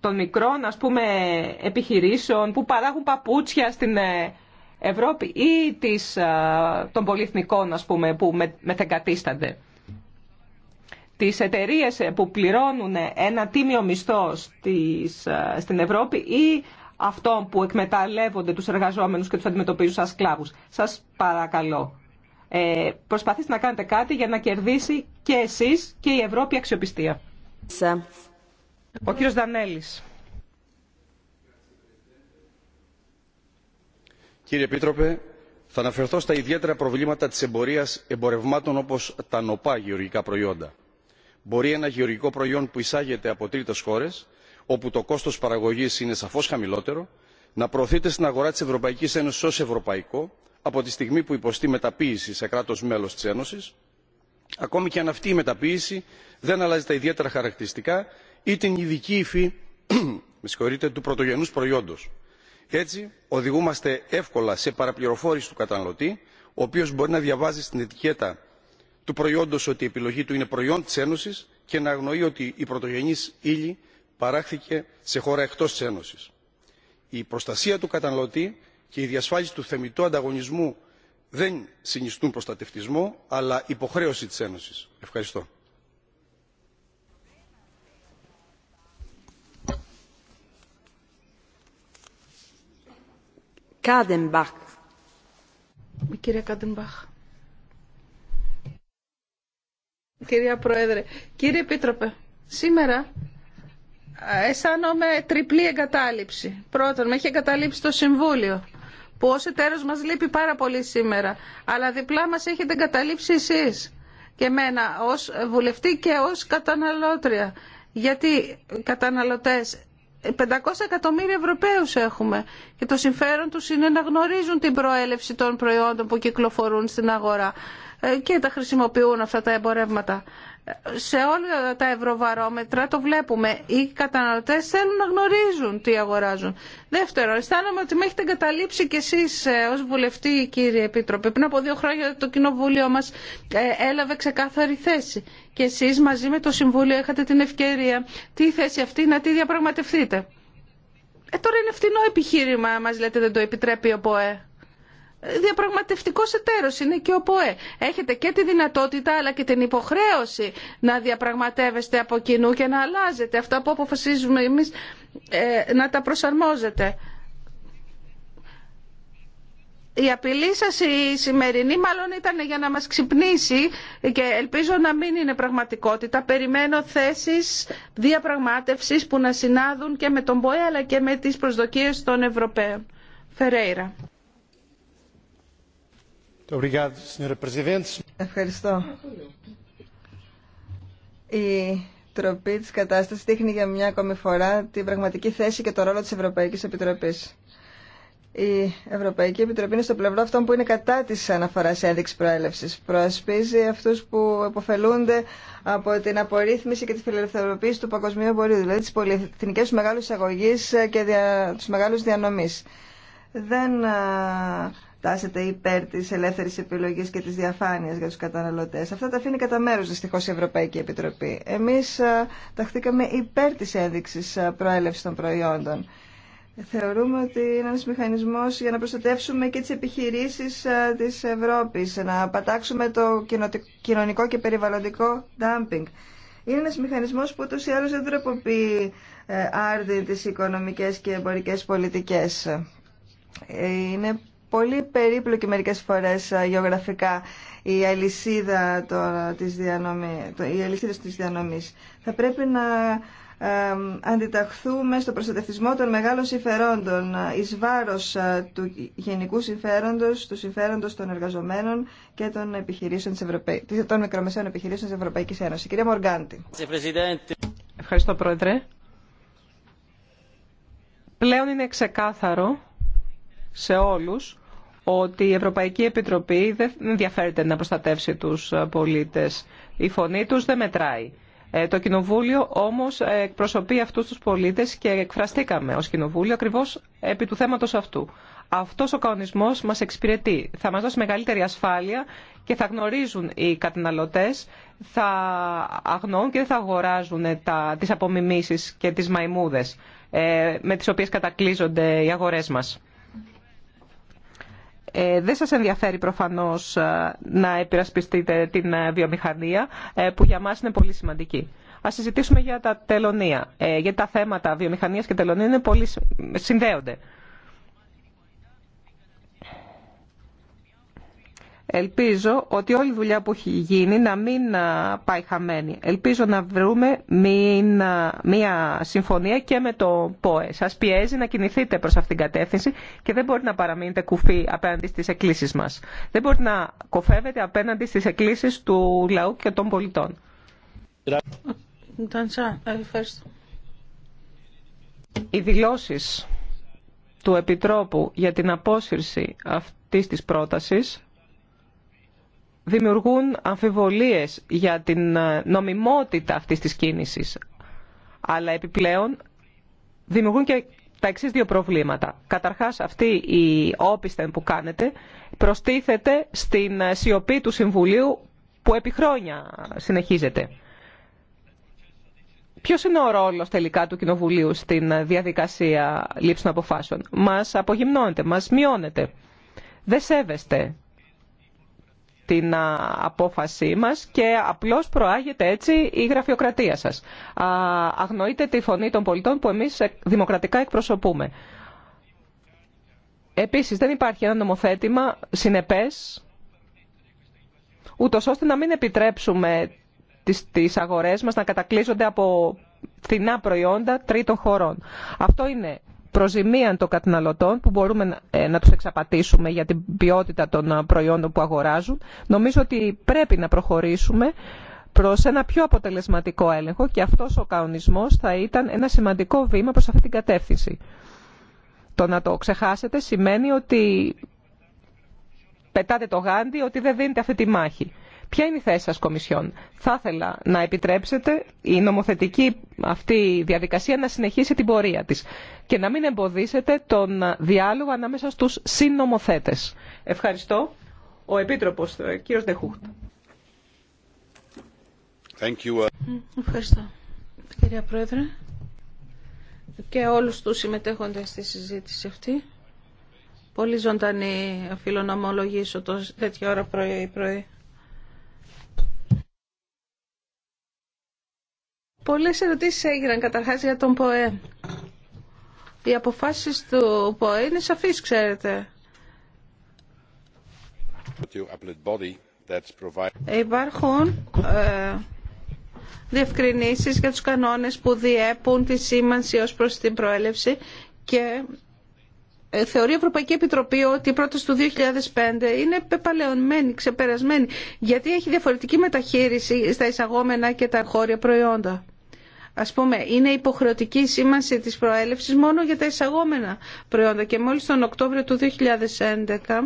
των μικρών ας πούμε επιχειρήσεων που παράγουν παπούτσια στην Ευρώπη ή των πολυεθνικών ας πούμε που μεθεγκατίστανται τις εταιρείες που πληρώνουν ένα τίμιο μισθό στις, ε, στην Ευρώπη ή αυτό που εκμεταλλεύονται τους εργαζόμενους και τους αντιμετωπίζουν σαν σκλάβους. Σας παρακαλώ, ε, προσπαθήστε να κάνετε κάτι για να κερδίσει και εσείς και η Ευρώπη αξιοπιστία. Ο κύριος Δανέλης. Κύριε Επίτροπε, θα αναφερθώ στα ιδιαίτερα προβλήματα της εμπορίας εμπορευμάτων όπως τα νοπά γεωργικά προϊόντα μπορεί ένα γεωργικό προϊόν που εισάγεται από τρίτες χώρες όπου το κόστος παραγωγής είναι σαφώς χαμηλότερο να προωθείται στην αγορά της ευρωπαϊκής ένωσης ως ευρωπαϊκό από τη στιγμή που υποστεί μεταποίηση σε κράτος μέλος της ένωσης ακόμη και αν αυτή η μεταποίηση δεν αλλάζει τα ιδιαίτερα χαρακτηριστικά ή την ειδική υφή (clears throat) του πρωτογενούς προϊόντος. έτσι οδηγούμαστε εύκολα σε παραπληροφόρηση του καταναλωτή ο οποίος μπορεί να διαβάζει στην ετικέτα του προϊόντος ότι η επιλογή του είναι προϊόν της Ένωσης και να αγνοεί ότι η πρωτογενής ύλη παράχθηκε σε χώρα εκτός της Ένωσης. Η προστασία του καταναλωτή και η διασφάλιση του θεμητού ανταγωνισμού δεν συνιστούν προστατευτισμό, αλλά υποχρέωση της Ένωσης. Ευχαριστώ. Kadenbach. Κύριε κυρία Πρόεδρε. Κύριε Επίτροπε, σήμερα ε, αισθάνομαι τριπλή εγκατάλειψη. Πρώτον, με έχει εγκαταλείψει το Συμβούλιο, που ως εταίρος μας λείπει πάρα πολύ σήμερα. Αλλά διπλά μας έχετε εγκαταλείψει εσείς και εμένα ως βουλευτή και ως καταναλώτρια. Γιατί καταναλωτές 500 εκατομμύρια Ευρωπαίους έχουμε και το συμφέρον τους είναι να γνωρίζουν την προέλευση των προϊόντων που κυκλοφορούν στην αγορά. Ε, και τα χρησιμοποιούν αυτά τα εμπορεύματα. Σε όλα τα ευρωβαρόμετρα το βλέπουμε. Οι καταναλωτέ θέλουν να γνωρίζουν τι αγοράζουν. Δεύτερον, αισθάνομαι ότι με έχετε εγκαταλείψει κι εσεί ε, ω βουλευτή κύριε Επίτροπε. Πριν από δύο χρόνια το κοινοβούλιο μα ε, έλαβε ξεκάθαρη θέση. Και εσεί μαζί με το Συμβούλιο είχατε την ευκαιρία τη θέση αυτή να τη διαπραγματευτείτε. Ε, τώρα είναι φτηνό επιχείρημα, μας λέτε δεν το επιτρέπει ο ΠΟΕ διαπραγματευτικός εταίρος είναι και ο ΠΟΕ. Έχετε και τη δυνατότητα αλλά και την υποχρέωση να διαπραγματεύεστε από κοινού και να αλλάζετε αυτά που αποφασίζουμε εμείς ε, να τα προσαρμόζετε. Η απειλή σας η σημερινή μάλλον ήταν για να μας ξυπνήσει και ελπίζω να μην είναι πραγματικότητα. Περιμένω θέσεις διαπραγμάτευσης που να συνάδουν και με τον ΠΟΕ αλλά και με τις προσδοκίες των Ευρωπαίων. Φερέιρα. Ευχαριστώ. Η τροπή της κατάστασης δείχνει για μια ακόμη φορά την πραγματική θέση και το ρόλο της Ευρωπαϊκής Επιτροπής. Η Ευρωπαϊκή Επιτροπή είναι στο πλευρό αυτών που είναι κατά τη αναφορά σε ένδειξη προέλευση. Προασπίζει αυτού που επωφελούνται από την απορρίθμιση και τη φιλελευθερωποίηση του παγκοσμίου εμπορίου, δηλαδή τι πολυεθνικέ μεγάλου εισαγωγή και δια... του μεγάλου διανομή. Τάσετε υπέρ τη ελεύθερη επιλογή και τη διαφάνεια για του καταναλωτέ. Αυτά τα αφήνει κατά μέρο δυστυχώ η Ευρωπαϊκή Επιτροπή. Εμεί ε, ταχθήκαμε υπέρ τη ένδειξη ε, προέλευση των προϊόντων. Θεωρούμε ότι είναι ένα μηχανισμό για να προστατεύσουμε και τι επιχειρήσει ε, τη Ευρώπη, να πατάξουμε το κοινωνικό και περιβαλλοντικό dumping. Είναι ένα μηχανισμό που ούτω ή άλλω δεν τροποποιεί άρδιν τι οικονομικέ και εμπορικέ πολιτικέ. Είναι πολύ περίπλοκη μερικές φορές ε, γεωγραφικά η αλυσίδα τώρα της διανομή, η αλυσίδα της διανομής. Θα πρέπει να αντιταχθούμε στο προστατευτισμό των μεγάλων συμφερόντων ε, εις βάρος ε, του γενικού συμφέροντος, του συμφέροντος των εργαζομένων και των, επιχειρήσεων της Ευρωπαϊ... των μικρομεσαίων επιχειρήσεων της Ευρωπαϊκής Ένωσης. Κυρία Μοργάντη. Ευχαριστώ Πρόεδρε. Πλέον είναι ξεκάθαρο σε όλους ότι η Ευρωπαϊκή Επιτροπή δεν ενδιαφέρεται να προστατεύσει τους ε, πολίτες. Η φωνή τους δεν μετράει. Ε, το Κοινοβούλιο όμως ε, εκπροσωπεί αυτούς τους πολίτες και εκφραστήκαμε ως Κοινοβούλιο ακριβώς επί του θέματος αυτού. Αυτός ο κανονισμός μας εξυπηρετεί. Θα μας δώσει μεγαλύτερη ασφάλεια και θα γνωρίζουν οι καταναλωτές, θα αγνοούν και δεν θα αγοράζουν τα, τις απομιμήσεις και τις μαϊμούδες με τις οποίες κατακλείζονται οι αγορές μας. Ε, δεν σας ενδιαφέρει προφανώς ε, να επειρασπιστείτε την ε, βιομηχανία που για μας είναι πολύ σημαντική. Ας συζητήσουμε για τα τελωνία. γιατί τα θέματα βιομηχανίας και τελωνία είναι πολύ συνδέονται. Ελπίζω ότι όλη η δουλειά που έχει γίνει να μην πάει χαμένη. Ελπίζω να βρούμε μία συμφωνία και με το ΠΟΕ. Σας πιέζει να κινηθείτε προς αυτήν την κατεύθυνση και δεν μπορεί να παραμείνετε κουφοί απέναντι στις εκκλήσεις μας. Δεν μπορεί να κοφεύετε απέναντι στις εκκλήσεις του λαού και των πολιτών. Οι δηλώσεις του Επιτρόπου για την απόσυρση αυτής της πρότασης δημιουργούν αμφιβολίες για την ε, νομιμότητα αυτής της κίνησης. Αλλά επιπλέον δημιουργούν και τα εξή δύο προβλήματα. Καταρχάς αυτή η όπισθεν που κάνετε προστίθεται στην ε, σιωπή του Συμβουλίου που επί χρόνια συνεχίζεται. Ποιο είναι ο ρόλο τελικά του Κοινοβουλίου στην ε, διαδικασία λήψη των αποφάσεων. Μα απογυμνώνεται, μα μειώνεται. Δεν σέβεστε την απόφασή μας και απλώς προάγεται έτσι η γραφειοκρατία σας. Αγνοείτε τη φωνή των πολιτών που εμείς ε, δημοκρατικά εκπροσωπούμε. Επίσης δεν υπάρχει ένα νομοθέτημα συνεπές ούτως ώστε να μην επιτρέψουμε τις αγορές μας να κατακλείζονται από φθηνά προϊόντα τρίτων χωρών. Αυτό είναι προζημίαν των καταναλωτών που μπορούμε ε, να τους εξαπατήσουμε για την ποιότητα των ε, προϊόντων που αγοράζουν. Νομίζω ότι πρέπει να προχωρήσουμε προς ένα πιο αποτελεσματικό έλεγχο και αυτός ο κανονισμός θα ήταν ένα σημαντικό βήμα προς αυτή την κατεύθυνση. Το να το ξεχάσετε σημαίνει ότι πετάτε το γάντι ότι δεν δίνετε αυτή τη μάχη. Ποια είναι η θέση σας, Κομισιόν. Θα ήθελα να επιτρέψετε η νομοθετική αυτή διαδικασία να συνεχίσει την πορεία της και να μην εμποδίσετε τον διάλογο ανάμεσα στους συνομοθέτες. Ευχαριστώ. Ο Επίτροπος, ε, κύριος Δεχούχτ. Uh, ευχαριστώ, κυρία Πρόεδρε, και όλους τους συμμετέχοντες στη συζήτηση αυτή. Πολύ ζωντανή, οφείλω να ομολογήσω, τέτοια ώρα πρωί-πρωί. Πολλές ερωτήσεις έγιναν καταρχάς για τον ΠΟΕ. Οι αποφάσεις του ΠΟΕ είναι σαφείς, ξέρετε. Υπάρχουν ε, διευκρινήσεις για τους κανόνες που διέπουν τη σήμανση ως προς την προέλευση και ε, θεωρεί η Ευρωπαϊκή Επιτροπή ότι η πρόταση του 2005 είναι πεπαλαιωμένη, ξεπερασμένη, γιατί έχει διαφορετική μεταχείριση στα εισαγόμενα και τα χώρια προϊόντα. Ας πούμε, είναι υποχρεωτική η σήμανση της προέλευσης μόνο για τα εισαγόμενα προϊόντα και μόλις τον Οκτώβριο του 2011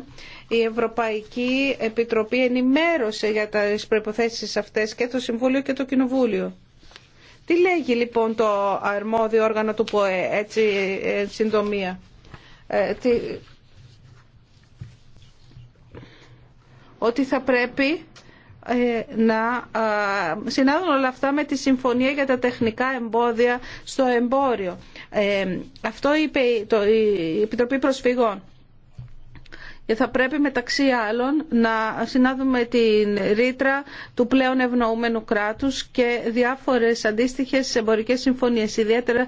η Ευρωπαϊκή Επιτροπή ενημέρωσε για τις προϋποθέσεις αυτές και το Συμβούλιο και το Κοινοβούλιο. Τι λέγει λοιπόν το αρμόδιο όργανο του ΠΟΕ, έτσι ε, συντομία. Ε, τι... Ότι θα πρέπει ε, να ε, συνάδουν όλα αυτά με τη συμφωνία για τα τεχνικά εμπόδια στο εμπόριο. Ε, αυτό είπε η Επιτροπή Προσφυγών. Και θα πρέπει μεταξύ άλλων να συνάδουμε την ρήτρα του πλέον ευνοούμενου κράτους και διάφορες αντίστοιχες εμπορικές συμφωνίες, ιδιαίτερα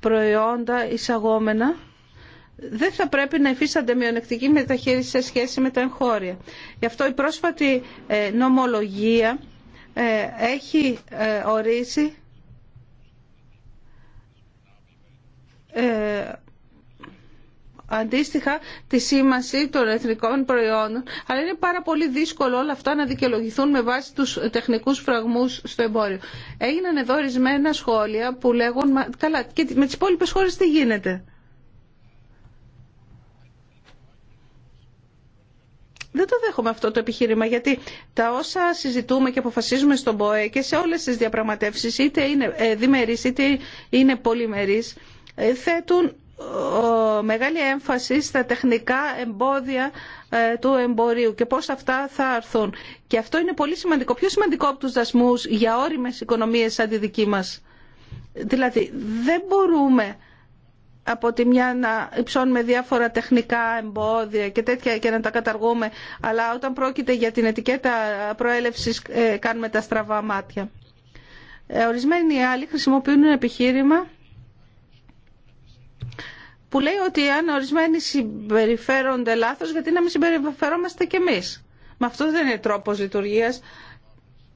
προϊόντα εισαγόμενα δεν θα πρέπει να υφίστανται μειονεκτική μεταχείριση σε σχέση με τα εγχώρια. Γι' αυτό η πρόσφατη ε, νομολογία ε, έχει ε, ορίσει αντίστοιχα τη σήμανση των εθνικών προϊόντων, αλλά είναι πάρα πολύ δύσκολο όλα αυτά να δικαιολογηθούν με βάση τους τεχνικούς φραγμούς στο εμπόριο. Έγιναν εδώ ορισμένα σχόλια που λέγουν, καλά, και με τις υπόλοιπε χώρες τι γίνεται. Δεν το δέχομαι αυτό το επιχείρημα γιατί τα όσα συζητούμε και αποφασίζουμε στον ΠΟΕ και σε όλες τις διαπραγματεύσεις είτε είναι ε, διμερείς είτε είναι πολυμερείς ε, θέτουν μεγάλη έμφαση στα τεχνικά εμπόδια ε, του εμπορίου και πώς αυτά θα έρθουν. Και αυτό είναι πολύ σημαντικό. Πιο σημαντικό από τους δασμούς για όριμες οικονομίες σαν τη δική μας. Δηλαδή δεν μπορούμε από τη μια να υψώνουμε διάφορα τεχνικά εμπόδια και τέτοια και να τα καταργούμε, αλλά όταν πρόκειται για την ετικέτα προέλευσης ε, κάνουμε τα στραβά μάτια. Ε, ορισμένοι άλλοι χρησιμοποιούν ένα επιχείρημα που λέει ότι αν ορισμένοι συμπεριφέρονται λάθος, γιατί να μην συμπεριφερόμαστε κι εμείς. Μα αυτό δεν είναι τρόπος λειτουργίας,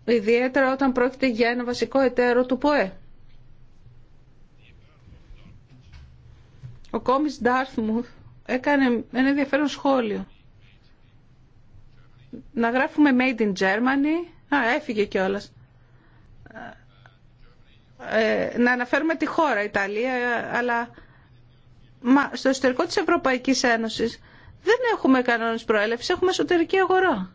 ιδιαίτερα όταν πρόκειται για ένα βασικό εταίρο του ΠΟΕ. Ο Κόμις Ντάρθμουθ έκανε ένα ενδιαφέρον σχόλιο. Να γράφουμε Made in Germany. Α, έφυγε κιόλα. Ε, να αναφέρουμε τη χώρα Ιταλία, αλλά μα, στο εσωτερικό της Ευρωπαϊκής Ένωσης δεν έχουμε κανόνες προέλευσης, έχουμε εσωτερική αγορά.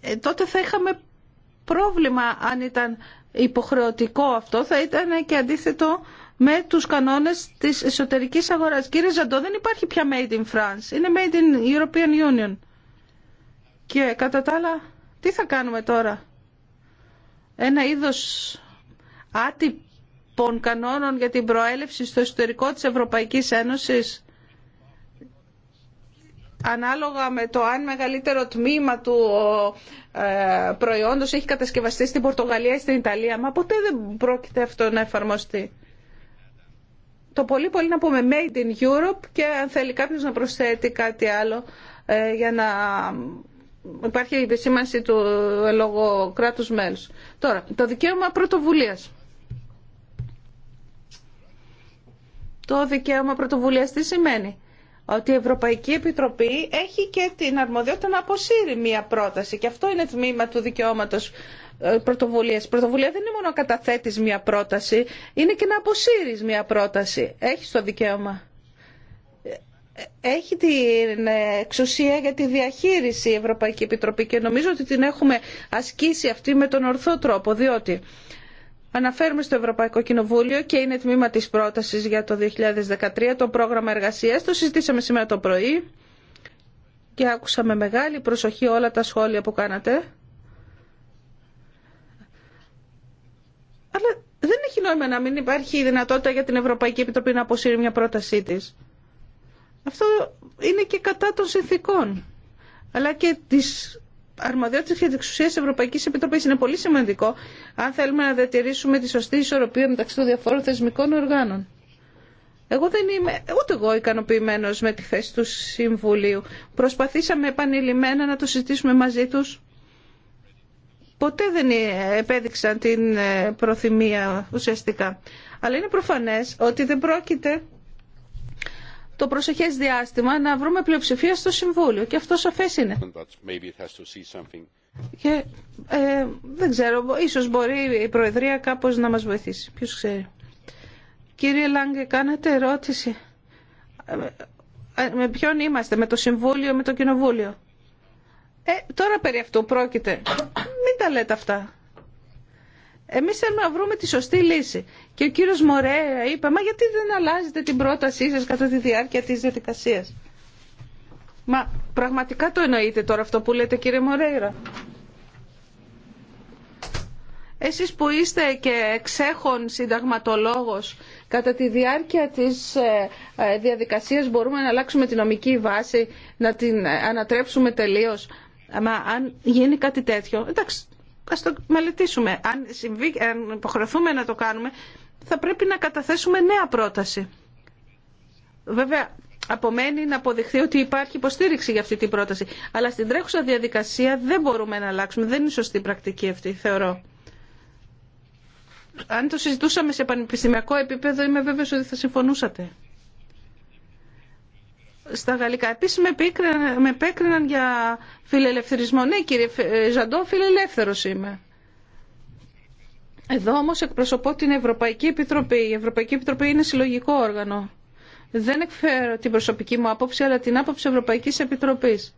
Ε, τότε θα είχαμε πρόβλημα αν ήταν υποχρεωτικό αυτό, θα ήταν και αντίθετο με τους κανόνες της εσωτερικής αγοράς. Κύριε Ζαντό, δεν υπάρχει πια Made in France, είναι Made in European Union. Και κατά τα άλλα, τι θα κάνουμε τώρα. Ένα είδος άτυπων κανόνων για την προέλευση στο εσωτερικό της Ευρωπαϊκής Ένωσης ανάλογα με το αν μεγαλύτερο τμήμα του ε, προϊόντος έχει κατασκευαστεί στην Πορτογαλία ή στην Ιταλία. Μα ποτέ δεν πρόκειται αυτό να εφαρμοστεί. Το πολύ πολύ να πούμε made in Europe και αν θέλει κάποιος να προσθέτει κάτι άλλο ε, για να υπάρχει η επισήμανση του λόγω κράτους μέλους. Τώρα, το δικαίωμα πρωτοβουλίας. Το δικαίωμα πρωτοβουλίας τι σημαίνει ότι η Ευρωπαϊκή Επιτροπή έχει και την αρμοδιότητα να αποσύρει μία πρόταση και αυτό είναι τμήμα του δικαιώματος ε, πρωτοβουλίας. Η πρωτοβουλία δεν είναι μόνο να καταθέτεις μία πρόταση, είναι και να αποσύρεις μία πρόταση. Έχεις το δικαίωμα. Ε, έχει την εξουσία για τη διαχείριση η Ευρωπαϊκή Επιτροπή και νομίζω ότι την έχουμε ασκήσει αυτή με τον ορθό τρόπο, διότι Αναφέρουμε στο Ευρωπαϊκό Κοινοβούλιο και είναι τμήμα της πρότασης για το 2013 το πρόγραμμα εργασίας. Το συζητήσαμε σήμερα το πρωί και άκουσα με μεγάλη προσοχή όλα τα σχόλια που κάνατε. Αλλά δεν έχει νόημα να μην υπάρχει η δυνατότητα για την Ευρωπαϊκή Επιτροπή να αποσύρει μια πρότασή της. Αυτό είναι και κατά των συνθήκων, αλλά και της αρμοδιότητα και τη Ευρωπαϊκής Επιτροπής. Είναι πολύ σημαντικό αν θέλουμε να διατηρήσουμε τη σωστή ισορροπία μεταξύ των διαφόρων θεσμικών οργάνων. Εγώ δεν είμαι ούτε εγώ ικανοποιημένο με τη θέση του Συμβουλίου. Προσπαθήσαμε επανειλημμένα να το συζητήσουμε μαζί τους. Ποτέ δεν επέδειξαν την ε, προθυμία ουσιαστικά. Αλλά είναι προφανές ότι δεν πρόκειται το προσεχές διάστημα να βρούμε πλειοψηφία στο Συμβούλιο και αυτό σαφέ είναι. Και ε, δεν ξέρω, ίσως μπορεί η Προεδρία κάπως να μας βοηθήσει. Ποιος ξέρει. Κύριε Λάγκε, κάνετε ερώτηση. Ε, με ποιον είμαστε, με το Συμβούλιο, με το Κοινοβούλιο. Ε, τώρα περί αυτού πρόκειται. Μην τα λέτε αυτά. Εμείς θέλουμε να βρούμε τη σωστή λύση. Και ο κύριος Μορέιρα είπε, μα γιατί δεν αλλάζετε την πρότασή σα κατά τη διάρκεια τη διαδικασία. Μα πραγματικά το εννοείτε τώρα αυτό που λέτε κύριε Μωρέιρα. Εσείς που είστε και εξέχων συνταγματολόγος, κατά τη διάρκεια της ε, ε, διαδικασίας μπορούμε να αλλάξουμε τη νομική βάση, να την ε, ανατρέψουμε τελείως. Μα αν γίνει κάτι τέτοιο, εντάξει, α το μελετήσουμε. Αν, συμβεί, αν υποχρεωθούμε να το κάνουμε, θα πρέπει να καταθέσουμε νέα πρόταση. Βέβαια, απομένει να αποδειχθεί ότι υπάρχει υποστήριξη για αυτή την πρόταση. Αλλά στην τρέχουσα διαδικασία δεν μπορούμε να αλλάξουμε. Δεν είναι σωστή πρακτική αυτή, θεωρώ. Αν το συζητούσαμε σε πανεπιστημιακό επίπεδο, είμαι βέβαιος ότι θα συμφωνούσατε στα γαλλικά. Επίσης με, επέκριναν, με για φιλελευθερισμό. Ναι κύριε Ζαντό, φιλελεύθερος είμαι. Εδώ όμως εκπροσωπώ την Ευρωπαϊκή Επιτροπή. Η Ευρωπαϊκή Επιτροπή είναι συλλογικό όργανο. Δεν εκφέρω την προσωπική μου άποψη, αλλά την άποψη Ευρωπαϊκής Επιτροπής.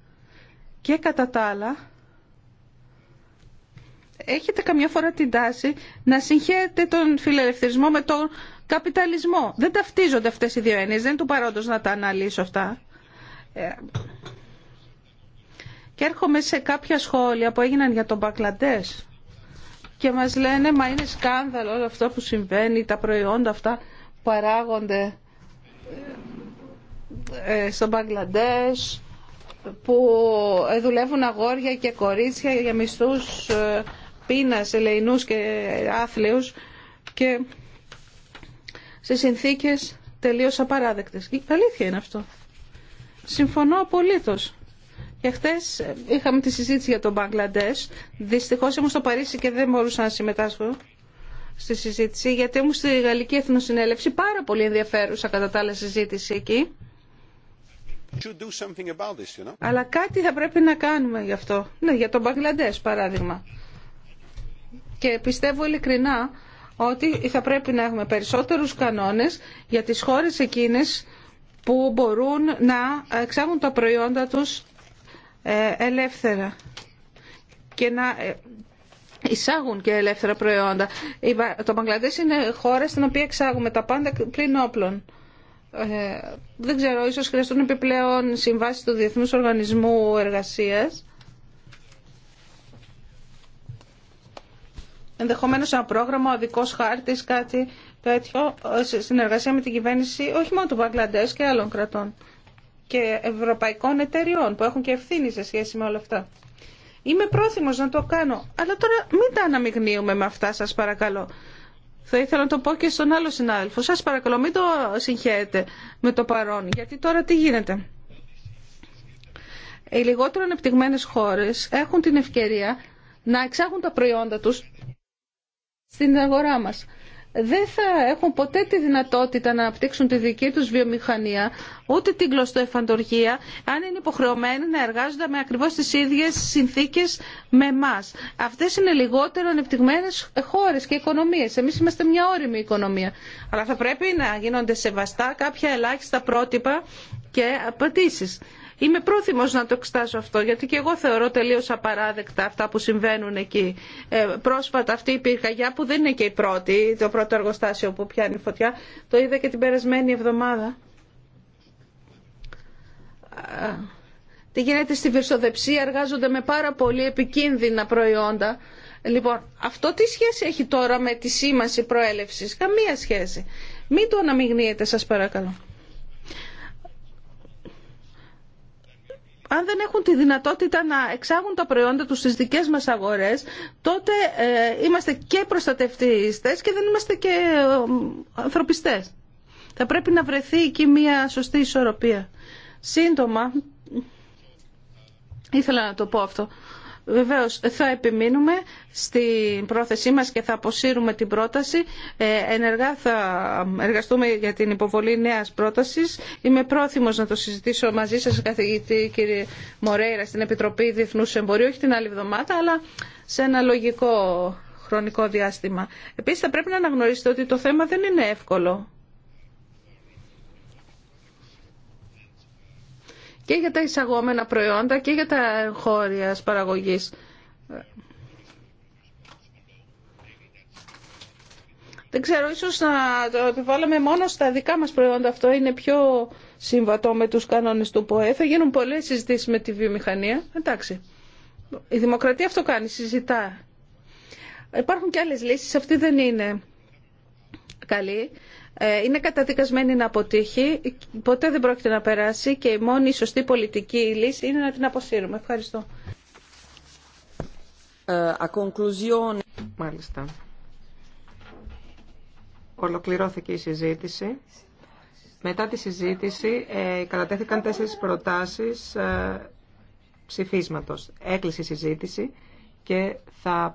Και κατά τα άλλα, έχετε καμιά φορά την τάση να συγχαίρετε τον φιλελευθερισμό με τον καπιταλισμό. Δεν ταυτίζονται αυτές οι δύο έννοιες, δεν του παρόντος να τα αναλύσω αυτά. Ε, και έρχομαι σε κάποια σχόλια που έγιναν για τον Μπαγκλαντές και μας λένε μα είναι σκάνδαλο όλο αυτό που συμβαίνει, τα προϊόντα αυτά παράγονται ε, ε, στον Μπαγκλαντές που δουλεύουν αγόρια και κορίτσια για μισθούς πείνας, ελεηνούς και άθλιους και σε συνθήκες τελείως απαράδεκτες. Η αλήθεια είναι αυτό. Συμφωνώ απολύτως. Και χθε είχαμε τη συζήτηση για τον Μπαγκλαντές. Δυστυχώς ήμουν στο Παρίσι και δεν μπορούσα να συμμετάσχω στη συζήτηση, γιατί ήμουν στη Γαλλική Εθνοσυνέλευση, πάρα πολύ ενδιαφέρουσα κατά τα άλλα συζήτηση εκεί. This, you know? Αλλά κάτι θα πρέπει να κάνουμε γι' αυτό. Ναι, για τον Μπαγκλαντές παράδειγμα. Και πιστεύω ειλικρινά ότι θα πρέπει να έχουμε περισσότερους κανόνες για τις χώρες εκείνες που μπορούν να εξάγουν τα προϊόντα τους ε, ελεύθερα και να ε, εισάγουν και ελεύθερα προϊόντα. Το Μπαγκλαντές είναι χώρα στην οποία εξάγουμε τα πάντα πλην όπλων. Ε, δεν ξέρω, ίσως χρειαστούν επιπλέον συμβάσεις του Διεθνούς Οργανισμού Εργασίας Ενδεχομένω ένα πρόγραμμα, ο δικό χάρτη, κάτι τέτοιο, σε συνεργασία με την κυβέρνηση όχι μόνο του Μπαγκλαντέ και άλλων κρατών και ευρωπαϊκών εταιριών που έχουν και ευθύνη σε σχέση με όλα αυτά. Είμαι πρόθυμος να το κάνω, αλλά τώρα μην τα αναμειγνύουμε με αυτά σας παρακαλώ. Θα ήθελα να το πω και στον άλλο συνάδελφο. Σας παρακαλώ μην το συγχαίρετε με το παρόν, γιατί τώρα τι γίνεται. Οι λιγότερο ανεπτυγμένες χώρες έχουν την ευκαιρία να εξάγουν τα προϊόντα τους στην αγορά μας. Δεν θα έχουν ποτέ τη δυνατότητα να αναπτύξουν τη δική τους βιομηχανία, ούτε την κλωστοεφαντοργία, αν είναι υποχρεωμένοι να εργάζονται με ακριβώς τις ίδιες συνθήκες με εμά. Αυτές είναι λιγότερο ανεπτυγμένες χώρες και οικονομίες. Εμείς είμαστε μια όρημη οικονομία. Αλλά θα πρέπει να γίνονται σεβαστά κάποια ελάχιστα πρότυπα και απαντήσεις. Είμαι πρόθυμο να το εξετάσω αυτό, γιατί και εγώ θεωρώ τελείως απαράδεκτα αυτά που συμβαίνουν εκεί. Ε, πρόσφατα αυτή η πυρκαγιά που δεν είναι και η πρώτη, το πρώτο εργοστάσιο που πιάνει φωτιά, το είδα και την περασμένη εβδομάδα. Τι γίνεται στη βυρσοδεψία, εργάζονται με πάρα πολύ επικίνδυνα προϊόντα. Λοιπόν, αυτό τι σχέση έχει τώρα με τη σήμαση προέλευσης. Καμία σχέση. Μην το αναμειγνύετε σας παρακαλώ. αν δεν έχουν τη δυνατότητα να εξάγουν τα προϊόντα τους στις δικές μας αγορές, τότε ε, είμαστε και προστατευτιστές και δεν είμαστε και ε, ανθρωπιστές. Θα πρέπει να βρεθεί εκεί μια σωστή ισορροπία. Σύντομα, ήθελα να το πω αυτό, Βεβαίως θα επιμείνουμε στην πρόθεσή μας και θα αποσύρουμε την πρόταση. Ε, ενεργά θα εργαστούμε για την υποβολή νέας πρότασης. Είμαι πρόθυμος να το συζητήσω μαζί σας, καθηγητή κύριε Μορέιρα, στην Επιτροπή Διεθνούς Εμπορίου, όχι την άλλη εβδομάδα, αλλά σε ένα λογικό χρονικό διάστημα. Επίσης θα πρέπει να αναγνωρίσετε ότι το θέμα δεν είναι εύκολο. και για τα εισαγόμενα προϊόντα και για τα χώρια παραγωγής. Δεν ξέρω, ίσως να το επιβάλλαμε μόνο στα δικά μας προϊόντα. Αυτό είναι πιο συμβατό με τους κανόνες του ΠΟΕ. Θα γίνουν πολλές συζητήσεις με τη βιομηχανία. Εντάξει. Η δημοκρατία αυτό κάνει, συζητά. Υπάρχουν και άλλες λύσεις. Αυτή δεν είναι καλή. Ε, είναι καταδικασμένη να αποτύχει, ποτέ δεν πρόκειται να περάσει και η μόνη σωστή πολιτική λύση είναι να την αποσύρουμε. Ευχαριστώ. Uh, a conclusion... Μάλιστα. Ολοκληρώθηκε η συζήτηση. Μετά τη συζήτηση ε, κατατέθηκαν τέσσερις προτάσεις ε, ψηφίσματος. Έκλεισε η συζήτηση και θα